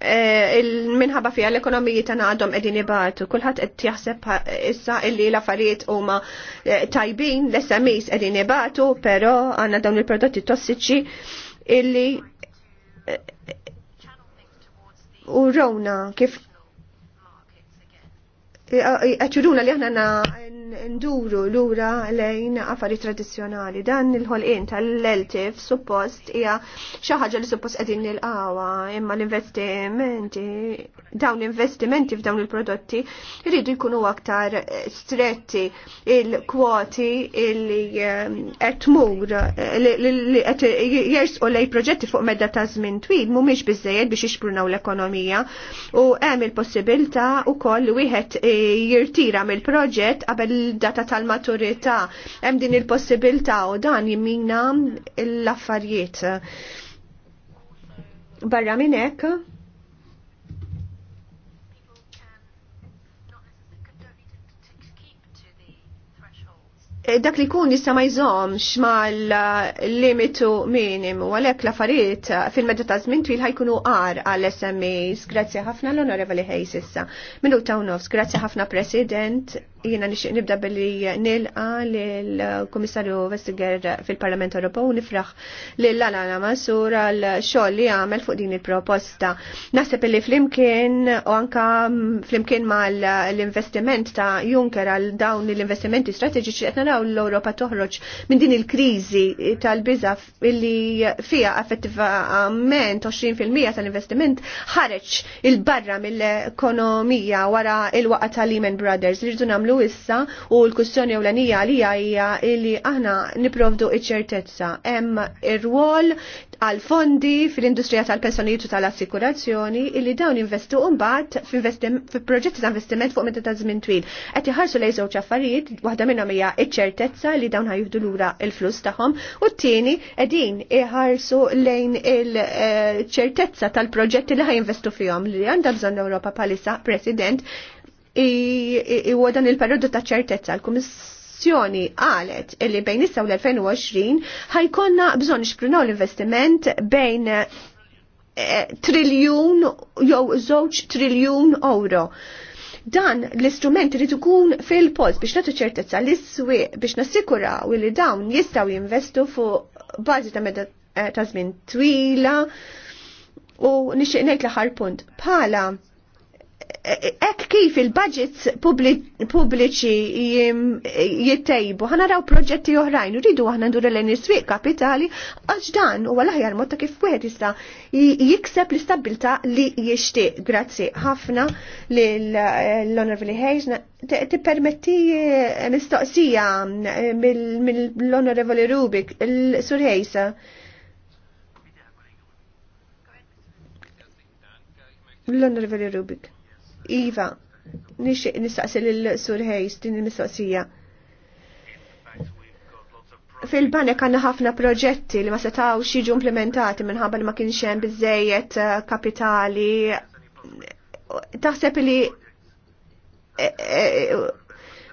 e, minħabba fija l-ekonomiji ta' għadhom edin ibatu, kullħat qed jaħseb issa illi l-affarijiet huma e, tajbin, l-SMEs edin ibatu, però għandna dawn il-prodotti tossiċi illi e, u rowna kif għaċuruna li aħna nduru lura lejn affari tradizjonali. Dan il-ħolqin tal-eltif suppost hija xi ħaġa li suppost qegħdin nilqawa imma l-investimenti dawn l investimenti f'dawn il-prodotti jridu jkunu aktar stretti il-kwoti illi ehm, qed tmur li qed jersqu lej proġetti fuq medda ta' żmien twil mhumiex biżejjed biex jixprunaw l-ekonomija u hemm il-possibilità wkoll li wieħed jirtira mill-proġett qabel il-data tal-maturità, hemm din il-possibilità u dan jimmina l-affarijiet. Barra minn hekk, eh, dak li kun jista ma jżomx mal-limitu minimu, għalek la farit fil-medda ta' żmien twil ħajkunu għar għal SMEs. Grazzi ħafna l-Onorevoli Hayes issa. Minu ta' nofs, grazzi ħafna President, Jiena nixtieq nibda billi nilqa lill-Kummissarju Vestiger fil-Parlament Ewropew nifraħ lil Alana masur għal xogħol li għamel fuq din il-proposta. Naħseb li flimkien u anka flimkien mal l-investiment ta' Juncker għal dawn l-investimenti strateġiċi qed naraw l europa toħroġ minn din il-kriżi tal biza illi fija effettivament 20% tal-investiment ħareġ il-barra mill-ekonomija wara il-waqa tal Lehman Brothers li rridu nagħmlu issa u l-kustjoni ewlenija li hija li aħna niprovdu iċ-ċertezza. Hemm ir-rwol għal fondi fil-industrija tal-personijiet u tal-assikurazzjoni illi dawn investu mbagħad fi proġetti ta' investiment fuq meta ta' żmien twil. Qed iħarsu lejn żewġ affarijiet, waħda minnhom hija iċ-ċertezza li dawn ħajdu lura l-flus tagħhom u t-tieni qegħdin iħarsu lejn il-ċertezza tal-proġetti li ħajinvestu fihom li għandha bżonn l-Ewropa bħalissa President i dan il-periodu ta' ċertezza l-Kummissjoni qalet illi bejn issa u l-2020 ħajkonna bżonn xprunaw l-investiment bejn eh, triljun jew żewġ triljun euro dan l-istrument li tkun fil-post biex natu ċertezza s-swi biex nassikuraw li dawn jistaw jinvestu fuq bażi ta' meda eh, ta' żmien twila u nixtieq ngħid l-aħħar punt. Bħala ek kif il-budgets pubbliċi jittejbu, ħana raw proġetti oħrajn, rridu ħana ndur l-eniswiq kapitali, għax dan u għal-ħjar motta kif wieħed jista jikseb l-istabilta li jishti. Grazzi ħafna eh, l-Honorable Hayes, tippermetti eh, mistoqsija eh, mill-Honorable Rubik, l-Sur Hayes. L-Honorable Rubik. Iva, nixtieq nistaqsi lil Sur Hayes din il-mistoqsija. Fil-banek għanna ħafna proġetti li ma setaw xieġu implementati minħabba li ma kienx hemm biżejjed eh, kapitali. Taħseb li eh, eh,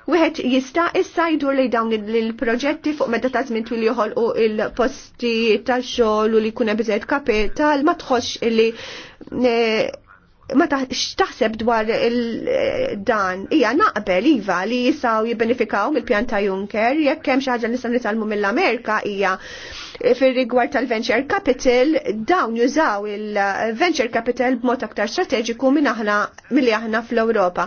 Wieħed jista' issa jdur li dawn il-proġetti fuq meta ta' żmien twil joħolqu il-posti tax-xogħol u li jkun hemm biżejjed kapital ma tħoss li ma taħseb dwar dan, hija naqbel iva li jisaw jibbenifikaw mill-pjan ta' Juncker, jekk hemm xi ħaġa nistgħu nitalmu mill-Amerika hija fir-rigward tal-venture capital dawn jużaw il-venture capital b'mod aktar strateġiku minn aħna milli aħna fl-Ewropa.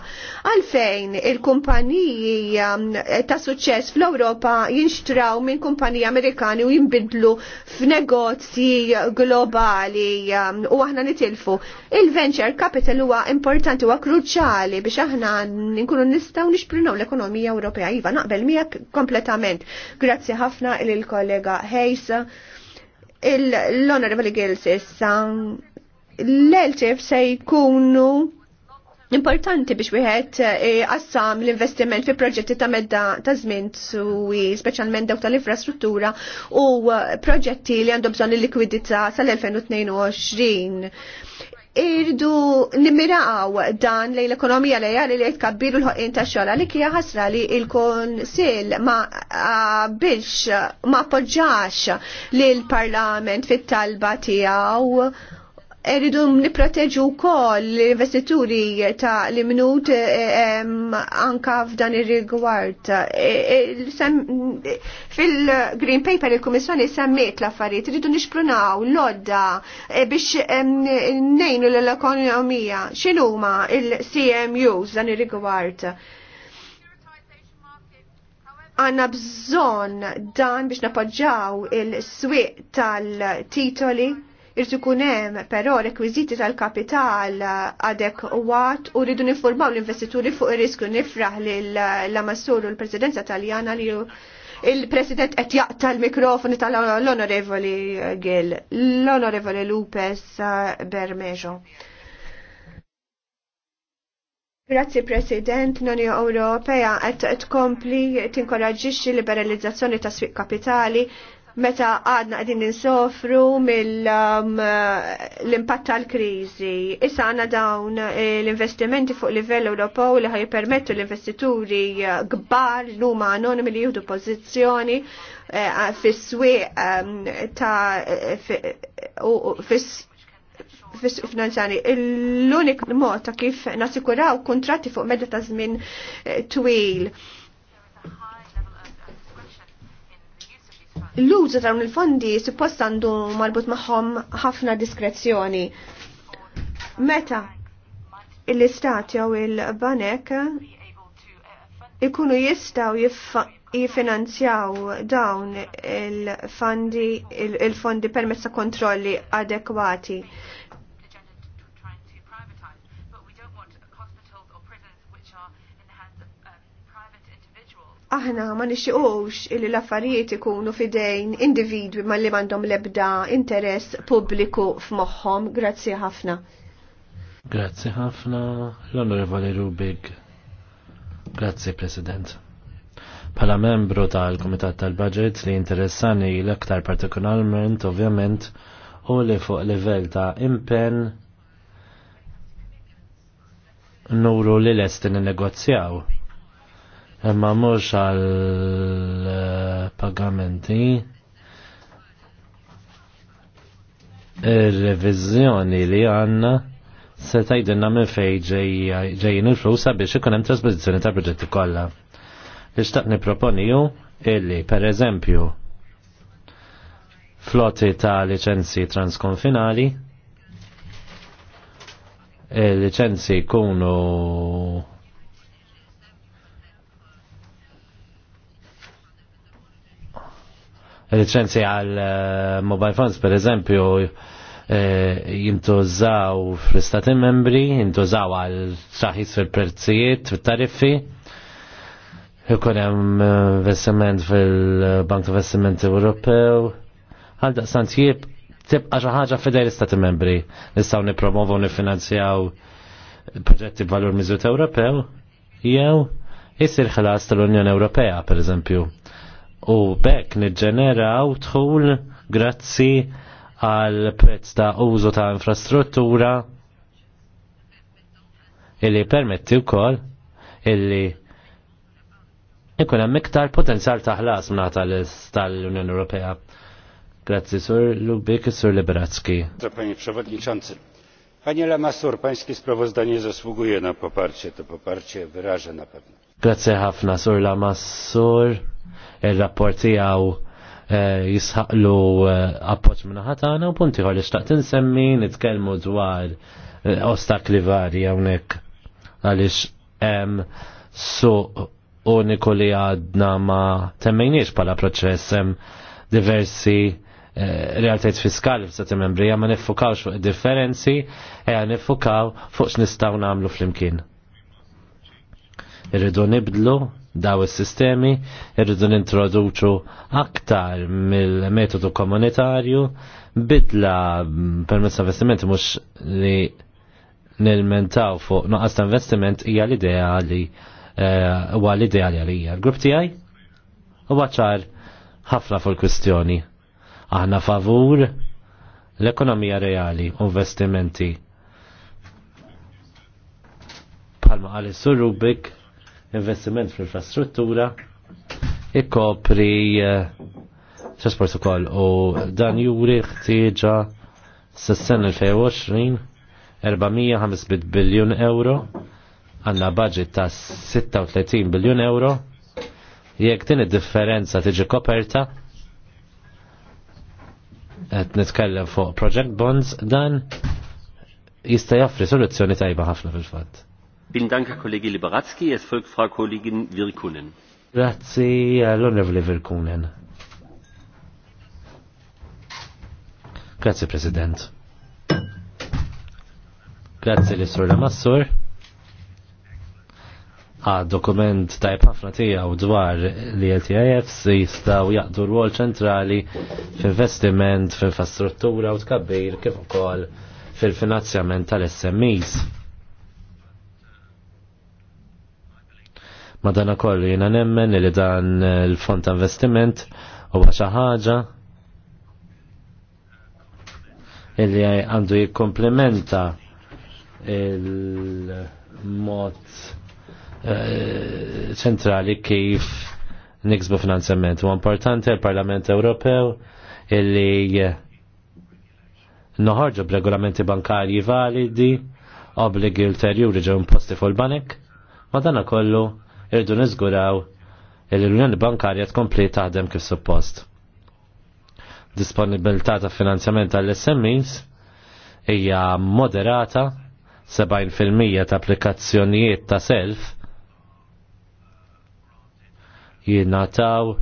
Għalfejn il-kumpaniji um, ta' suċċess fl-Ewropa jinxtraw minn kumpaniji Amerikani u jinbidlu f'negozji globali um, u aħna nitilfu. Il-venture capital capital huwa importanti huwa kruċjali biex aħna nkunu nistgħu nixprinaw l-ekonomija Ewropea. Iva naqbel miegħek kompletament. Grazzi ħafna lil kollega Hayes. L-Honorable Gills issa l-LTIF se jkunu importanti biex wieħed qassam eh, l-investiment fi proġetti ta' medda ta' żmien suwi, speċjalment dawk tal-infrastruttura u eh, proġetti li għandhom bżonn il-likwidità sal-2022 irdu nimmiraw dan li l-ekonomija li li li jtkabbiru l-ħoqin ta' xola li kija ħasra li il-konsil ma biex ma poġġax li l-parlament fit-talba tijaw Eridu niproteġu kol l-investituri ta' li minut eh, anka f'dan ir-rigward. E, e, Fil-Green Paper il-Kummissjoni semmiet l-affarijiet, rridu nixprunaw l-odda eh, biex nejnu l-ekonomija. X'inhuma il-CMUs dan ir-rigward? għanna bżon dan biex napoġġaw il-swiq tal-titoli Irtu kunem però rekwiziti tal-kapital adekwat u rridu nifurmaw l-investituri fuq ir-risku nifraħ l-Amassur u l-Presidenza Taljana li il-President qed jaqta l-mikrofoni tal-Onorevoli Gil, l-Onorevoli Lupes Bermejo. Grazzi President, l Ewropea qed tkompli tinkoraġġixxi liberalizzazzjoni ta' swieq kapitali meta għadna għadin ninsofru mill-impatt um, tal-krizi. Issa għanna dawn eh, l-investimenti fuq livell Ewropew li ħaj permettu l-investituri gbar eh, l-huma anonimi li juhdu pozizjoni eh, fis-swieq um, ta' finanzjani. L-unik mod ta' kif nasikuraw kontratti fuq medda ta' żmien twil l-użu ta' il-fondi suppost għandu marbut magħhom ħafna diskrezzjoni. Meta l-istat jew il-banek ikunu jistaw jifinanzjaw dawn il-fondi il permezz ta' kontrolli adekwati. aħna ma nixxiqux illi l-affarijiet ikunu fidejn individwi ma li mandom lebda interess pubbliku f'moħħom. Grazzi ħafna. Grazzi ħafna l-Onorevoli Rubik. Grazzi President. Pala membru tal-Komitat tal-Budget li interessani l-aktar partikolarment ovvjament u li fuq livell ta' impen nuru li n negozjaw imma mhux għal eh, pagamenti ir-reviżjoni li għandna se tajdinna minn fej ġejjin il-flusa biex ikun hemm trasposizzjoni ta' proġetti kollha. Li xtaqt niproponi ju illi per eżempju flotti ta' licenzi transkonfinali il-licenzi e kunu licenzi għal eh, mobile phones per eżempju eh, jintużaw fl-istati membri, jintużaw għal traħis fil-prezzijiet, fil-tariffi, jkun hemm eh, investiment fil-Bank Investiment Ewropew, għal daqsan tjib tibqa xi ħaġa fidej l-istati membri nistgħu nippromovu nifinanzjaw proġetti b'valur miżut Ewropew jew isir ħlas tal-Unjoni Ewropea pereżempju u bekk niġġenera tħul grazzi għal prezz ta' użu ta' infrastruttura illi permetti wkoll illi ikun hemm iktar potenzjal ta' ħlas mingħata tal-Unjoni Ewropea. Grazzi sur Lubik sur Liberacki. Panie Przewodniczący. Panie Lamassur, Pański sprawozdanie zasługuje na poparcie. To poparcie wyraża na pewno Grazie ħafna sur la massur il-rapporti għaw eh, jisħaqlu eh, appoċ minna ħatana u punti għal ixtaqt nsemmi nitkelmu dwar eh, ostakli vari għawnek għalix em su uniku li għadna ma temmejniex pala proċess em diversi realtajt fiskali f'stati membri, ma nifukawx fuq differenzi, e nifukaw fuq x'nistgħu nagħmlu flimkien. Irridu nibdlu daw is-sistemi, irridu nintroduċu aktar mill-metodu komunitarju, bidla permezz investimenti mhux li nilmentaw fuq nuqqas ta' investiment hija l-idea li eh, huwa l-idea li għalija. L-grupp tiegħi u ċar ħafna fuq il kwistjoni. Aħna favur l-ekonomija reali u investimenti. Palma għal-sur Rubik investiment fl-infrastruttura ikkopri eh, trasport ukoll u dan juri ħtieġa s-sen 2020 405 biljun euro għanna budget ta' 36 biljun euro jekk din id-differenza tiġi koperta qed nitkellem fuq project bonds dan jista' jaffri soluzzjoni tajba ħafna fil-fatt. Bin danka kollegi Liberatzki, es folgt Frau Kollegin Virkunen. Grazzi l-Onorevoli Virkunen. Grazzi President. Grazzi li sur Massur. dokument tajb ħafna tiegħu dwar li LTIFs jistgħu jaqdu rwol ċentrali f'investiment, f'infrastruttura u tkabbir kif ukoll fil-finanzjament tal-SMEs Madana kollu jina nemmen li dan il-fond ta' investiment u xi ħaġa illi għandu jikkomplementa il-mod eh, ċentrali kif niksbu finanzjament. U importanti il-Parlament Ewropew illi eh, noħorġu b'regolamenti bankarji validi, obligi ulterjuri ġew imposti fuq il-banek, ma dana kollu Irdu niżguraw l-Unjoni Bankarja tkompli taħdem kif suppost. Disponibilità ta' finanzjament tal smes hija moderata 70% ta' applikazzjonijiet ta' self taw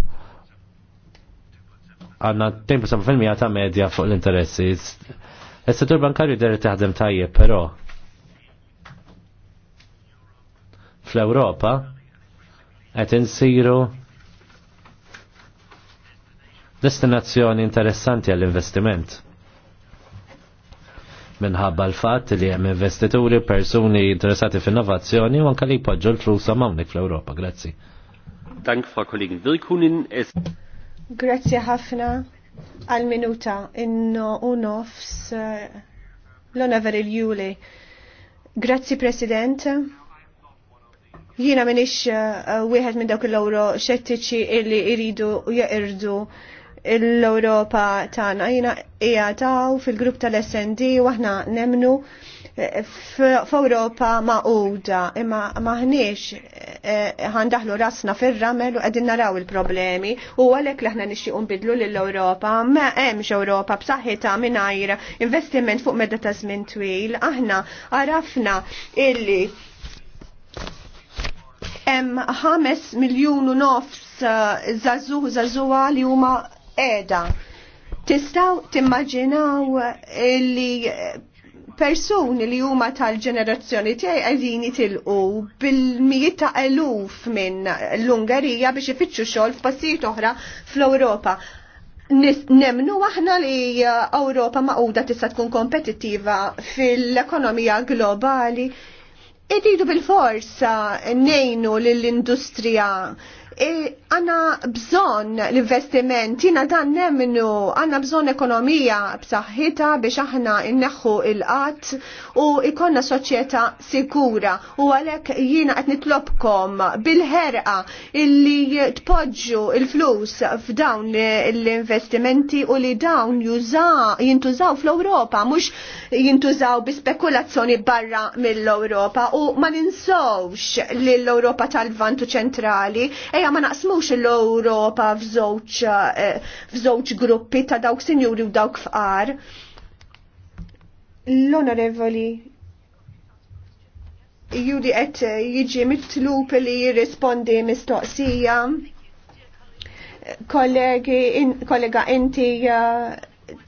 għanna 10% ta' medja fuq l-interessi. Is-settur bankarju deri taħdem tajjeb, però fl-Ewropa għet insiru destinazzjoni interessanti għall-investiment. Minħabba l-fatt li hemm investituri, persuni interessati f'innovazzjoni u anke li jpoġġu l-flus hawnhekk fl-Ewropa. Grazzi. Dank fa' kollegin Vilkunin. Grazzi ħafna għal-minuta inno u nofs eh, l-onaver il-juli. Grazzi President. Jiena minix uh, uh, wieħed minn dawk l ewro xettiċi illi iridu jaqirdu l-Europa tagħna. Jina hija taw fil-grupp tal-SND u aħna nemnu eh, ma' uda imma maħniex eh, ħandaħlu rasna fir-ramel u qegħdin naraw il-problemi u għalhekk liħna aħna nixtiequ nbidlu lill-Ewropa ma hemmx Ewropa b'saħħitha mingħajr investiment fuq medda ta' żmien twil aħna arafna illi hemm 5 miljun u nofs eh, zazu zazuwa li huma qiegħda. Tistaw timmaġinaw eh, li eh, persuni li huma tal-ġenerazzjoni tiegħi qegħdin jitilqu bil-mijiet ta' eluf minn l-Ungerija biex ifittxu xogħol f'passijiet oħra fl-Ewropa. Nemnu aħna li Ewropa maquda tista' tkun kompetittiva fil-ekonomija globali Irridu bil-forsa nejnu lill-industrija e għanna bżon l-investiment, jina dan nemmnu, għanna bżon ekonomija b'saħħita biex aħna inneħu il-qat u ikonna soċjetà sikura. U għalek jina għet nitlobkom bil-ħerqa illi tpoġġu il-flus f'dawn l-investimenti u li dawn jintużaw fl-Europa, mux jintużaw bi spekulazzjoni barra mill-Europa u ma ninsowx l-Europa tal-Vantu ċentrali, eja ma naqsmu naqsmux l-Ewropa f'żewġ eh, gruppi ta' dawk sinjuri u dawk fqar. L-Onorevoli Judy qed jiġi mitlub li jirrispondi mistoqsija kollegi, in, kollega inti uh,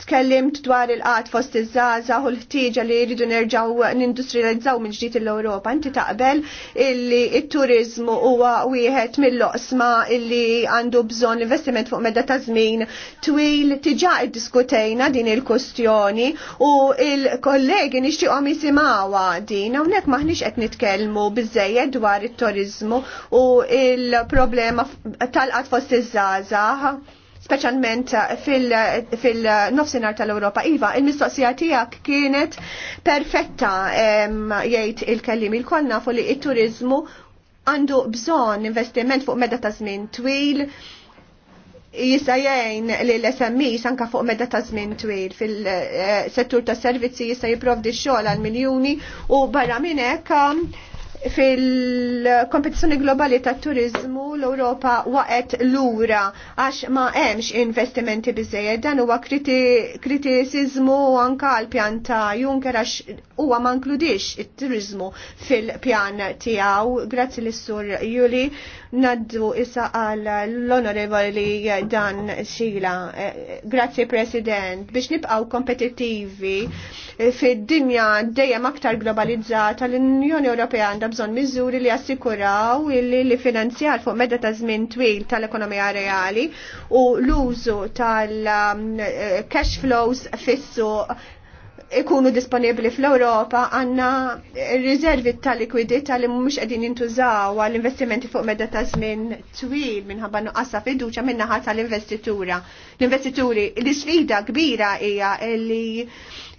tkellimt dwar il-qat fost iż-żaza u l-ħtieġa li jridu nerġgħu nindustrializzaw minn ġdid l-Ewropa. Inti taqbel illi t-turizmu huwa wieħed mill-oqsma illi għandu bżonn investiment fuq medda ta' żmien twil tiġà iddiskutejna din il-kustjoni u il-kollegi nixtieqhom jisimgħuha din hawnhekk maħniex qed nitkellmu biżejjed dwar it-turizmu u il-problema tal-qat fost iż-żaza speċjalment fil-nofsinhar tal-Ewropa. Iva, il-mistoqsija tiegħek kienet perfetta jgħid il-kellim il-kol nafu li it-turizmu għandu bżonn investiment fuq medda ta' żmien twil jista' jgħin li l smi sanka fuq medda ta' żmien twil fil-settur eh, tas servizzi jista' jipprovdi xogħol għal miljuni u barra minn hekk Fil-kompetizzjoni globali ta' turizmu l-Europa waqet lura għax ma' hemmx investimenti bizzejed dan huwa kritiċiżmu anka għal pjan ta' Juncker għax huwa ma nkludix it-turizmu fil-pjan tiegħu. Grazzi l-Sur Juli Naddu issa għal l-onorevoli Dan Xila. Grazie President. Biex nibqaw kompetittivi fid-dinja dejjem aktar globalizzata l-Unjoni Ewropea għandha bżonn miżuri li assikuraw li li finanzjar fuq medda ta' żmien twil tal-ekonomija reali u l-użu tal-cash um, flows fis-suq ikunu disponibli fl-Europa għanna rizervi ta' liquidità li mhumiex qegħdin jintużaw għall-investimenti fuq medda ta' żmien twil minħabba nuqqasa fiduċja minnaħa tal-investitura. L-investituri l-isfida kbira hija li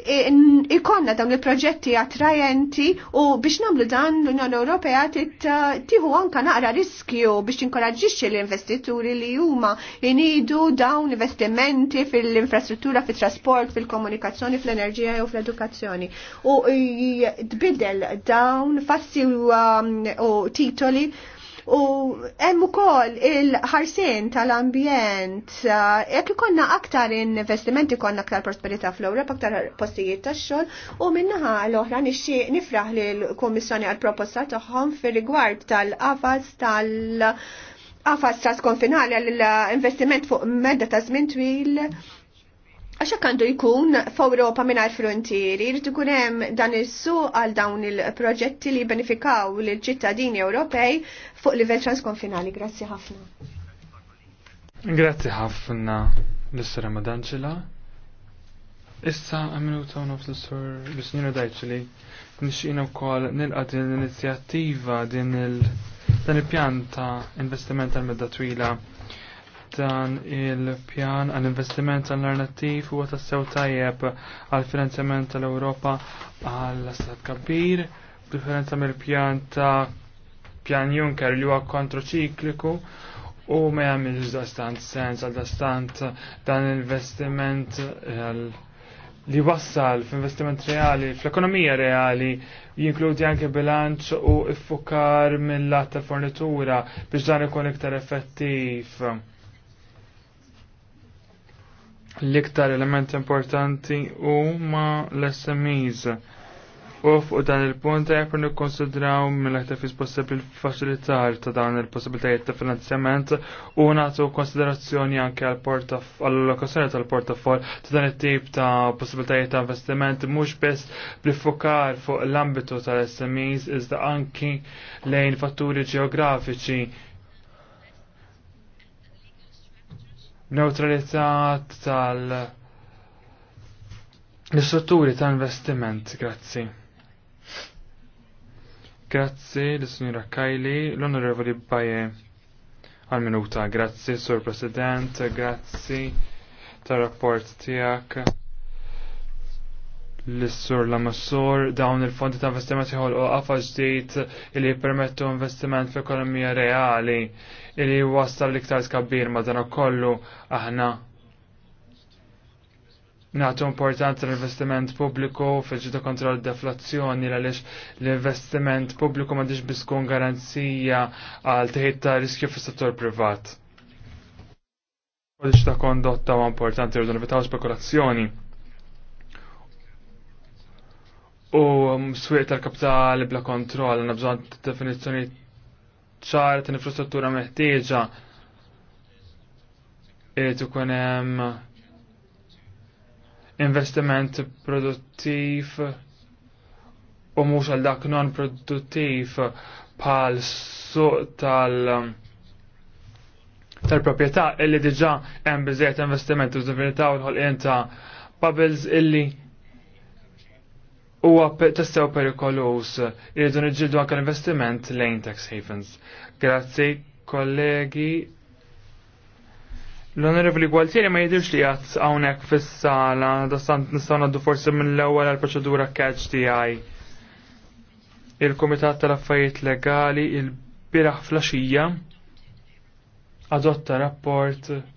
ikonna dawn il-proġetti attrajenti u biex namlu dan l-Unjoni Ewropea eh, tiħu anka naqra riskju biex tinkoraġġixxi l-investituri li huma jnidu dawn investimenti fil-infrastruttura, fil trasport fil-komunikazzjoni, fl-enerġija u fl-edukazzjoni. U tbidel dawn fassi um, u titoli U hemm ukoll il-ħarsien tal-ambjent, eh, jekk ikonna aktar investimenti konna aktar prosperità fl-Ewropa, aktar postijiet tax-xogħol u minnaħa l-oħra nixtieq nifraħ lill kummissjoni għal proposta tagħhom fir-rigward tal-qafas tal- qafas tras-konfinali għall investiment fuq medda ta' żmien twil Għaxa kandu jkun f'Ewropa minn frontieri jrid ikun hemm dan is-su għal dawn il-proġetti li benefikaw lill-ċittadini Ewropej fuq livell transkonfinali. Grazzi ħafna. Grazzi ħafna l-Sra Issa għamilu u nofs l-Sur Bisnina Dajċili nixqina wkoll nilqa' din l-inizjattiva din il-dan il-pjan ta' investiment tal-medda twila dan il-pjan għal-investiment alternattiv huwa tas-sew tajjeb għal-finanzjament tal-Ewropa għal-Assad Kabir, differenza mill-pjan ta' pjan Juncker li huwa kontroċikliku u ma jagħmilx dastant sens għal dastant dan investiment li wassal f'investiment reali, fl-ekonomija reali, jinkludi anke bilanċ u iffukar mill-lat tal-fornitura biex dan ikun iktar effettiv l-iktar element importanti huma l-SMEs. U fuq dan il-punt jgħu nikkonsidraw mill-aktar possibbli l-facilitar ta' dan il-possibilitajiet ta' finanzjament u nagħtu konsiderazzjoni anke għall lokazzjoni tal-portafoll ta' dan it-tip ta' possibilitajiet ta' investiment mhux biss bl fuq l-ambitu tal-SMEs iżda anki lejn fatturi ġeografiċi neutralità tal l-istrutturi tal investiment, grazzi. Grazzi l-Sinjura Kajli, l-Onorevoli Baye għal-minuta. Grazzi, Sur President, grazzi tal-rapport tijak l-sur la massur dawn il-fondi ta' investiment jħol u għafa ġdijt li permettu investiment fl-ekonomija reali li wasta l-iktar skabbir ma dan kollu aħna Natu importanti l-investiment pubbliku fi ġidu kontrol l-deflazzjoni għaliex l-investiment pubbliku m'għandix biskun garanzija għal teħid ta' riskju fis-settur privat. Kodiċ ta' kondotta u importanti rridu nevitaw spekulazzjoni U um, s-swiq tal-kapitali bla kontrol, għanna bżon definizjoni ċar infrastruttura meħtieġa. Irid ikun hemm investiment produttiv u mhux għal dak non produttiv pal suq tal- um, tal-proprjetà illi diġà hemm biżejjed investiment u u l ħolqien ta' bubbles illi huwa testew perikolus irridu niġġieldu anke investiment lejn tax havens. Grazzi kollegi. L-Onorevoli Gualtieri ma jidirx li għat għawnek fis-sala, dastant nistaw naddu forsi minn l-ewwel għal-proċedura catch tiegħi. Il-Kumitat tal-Affarijiet Legali il-biraħ flaxija adotta rapport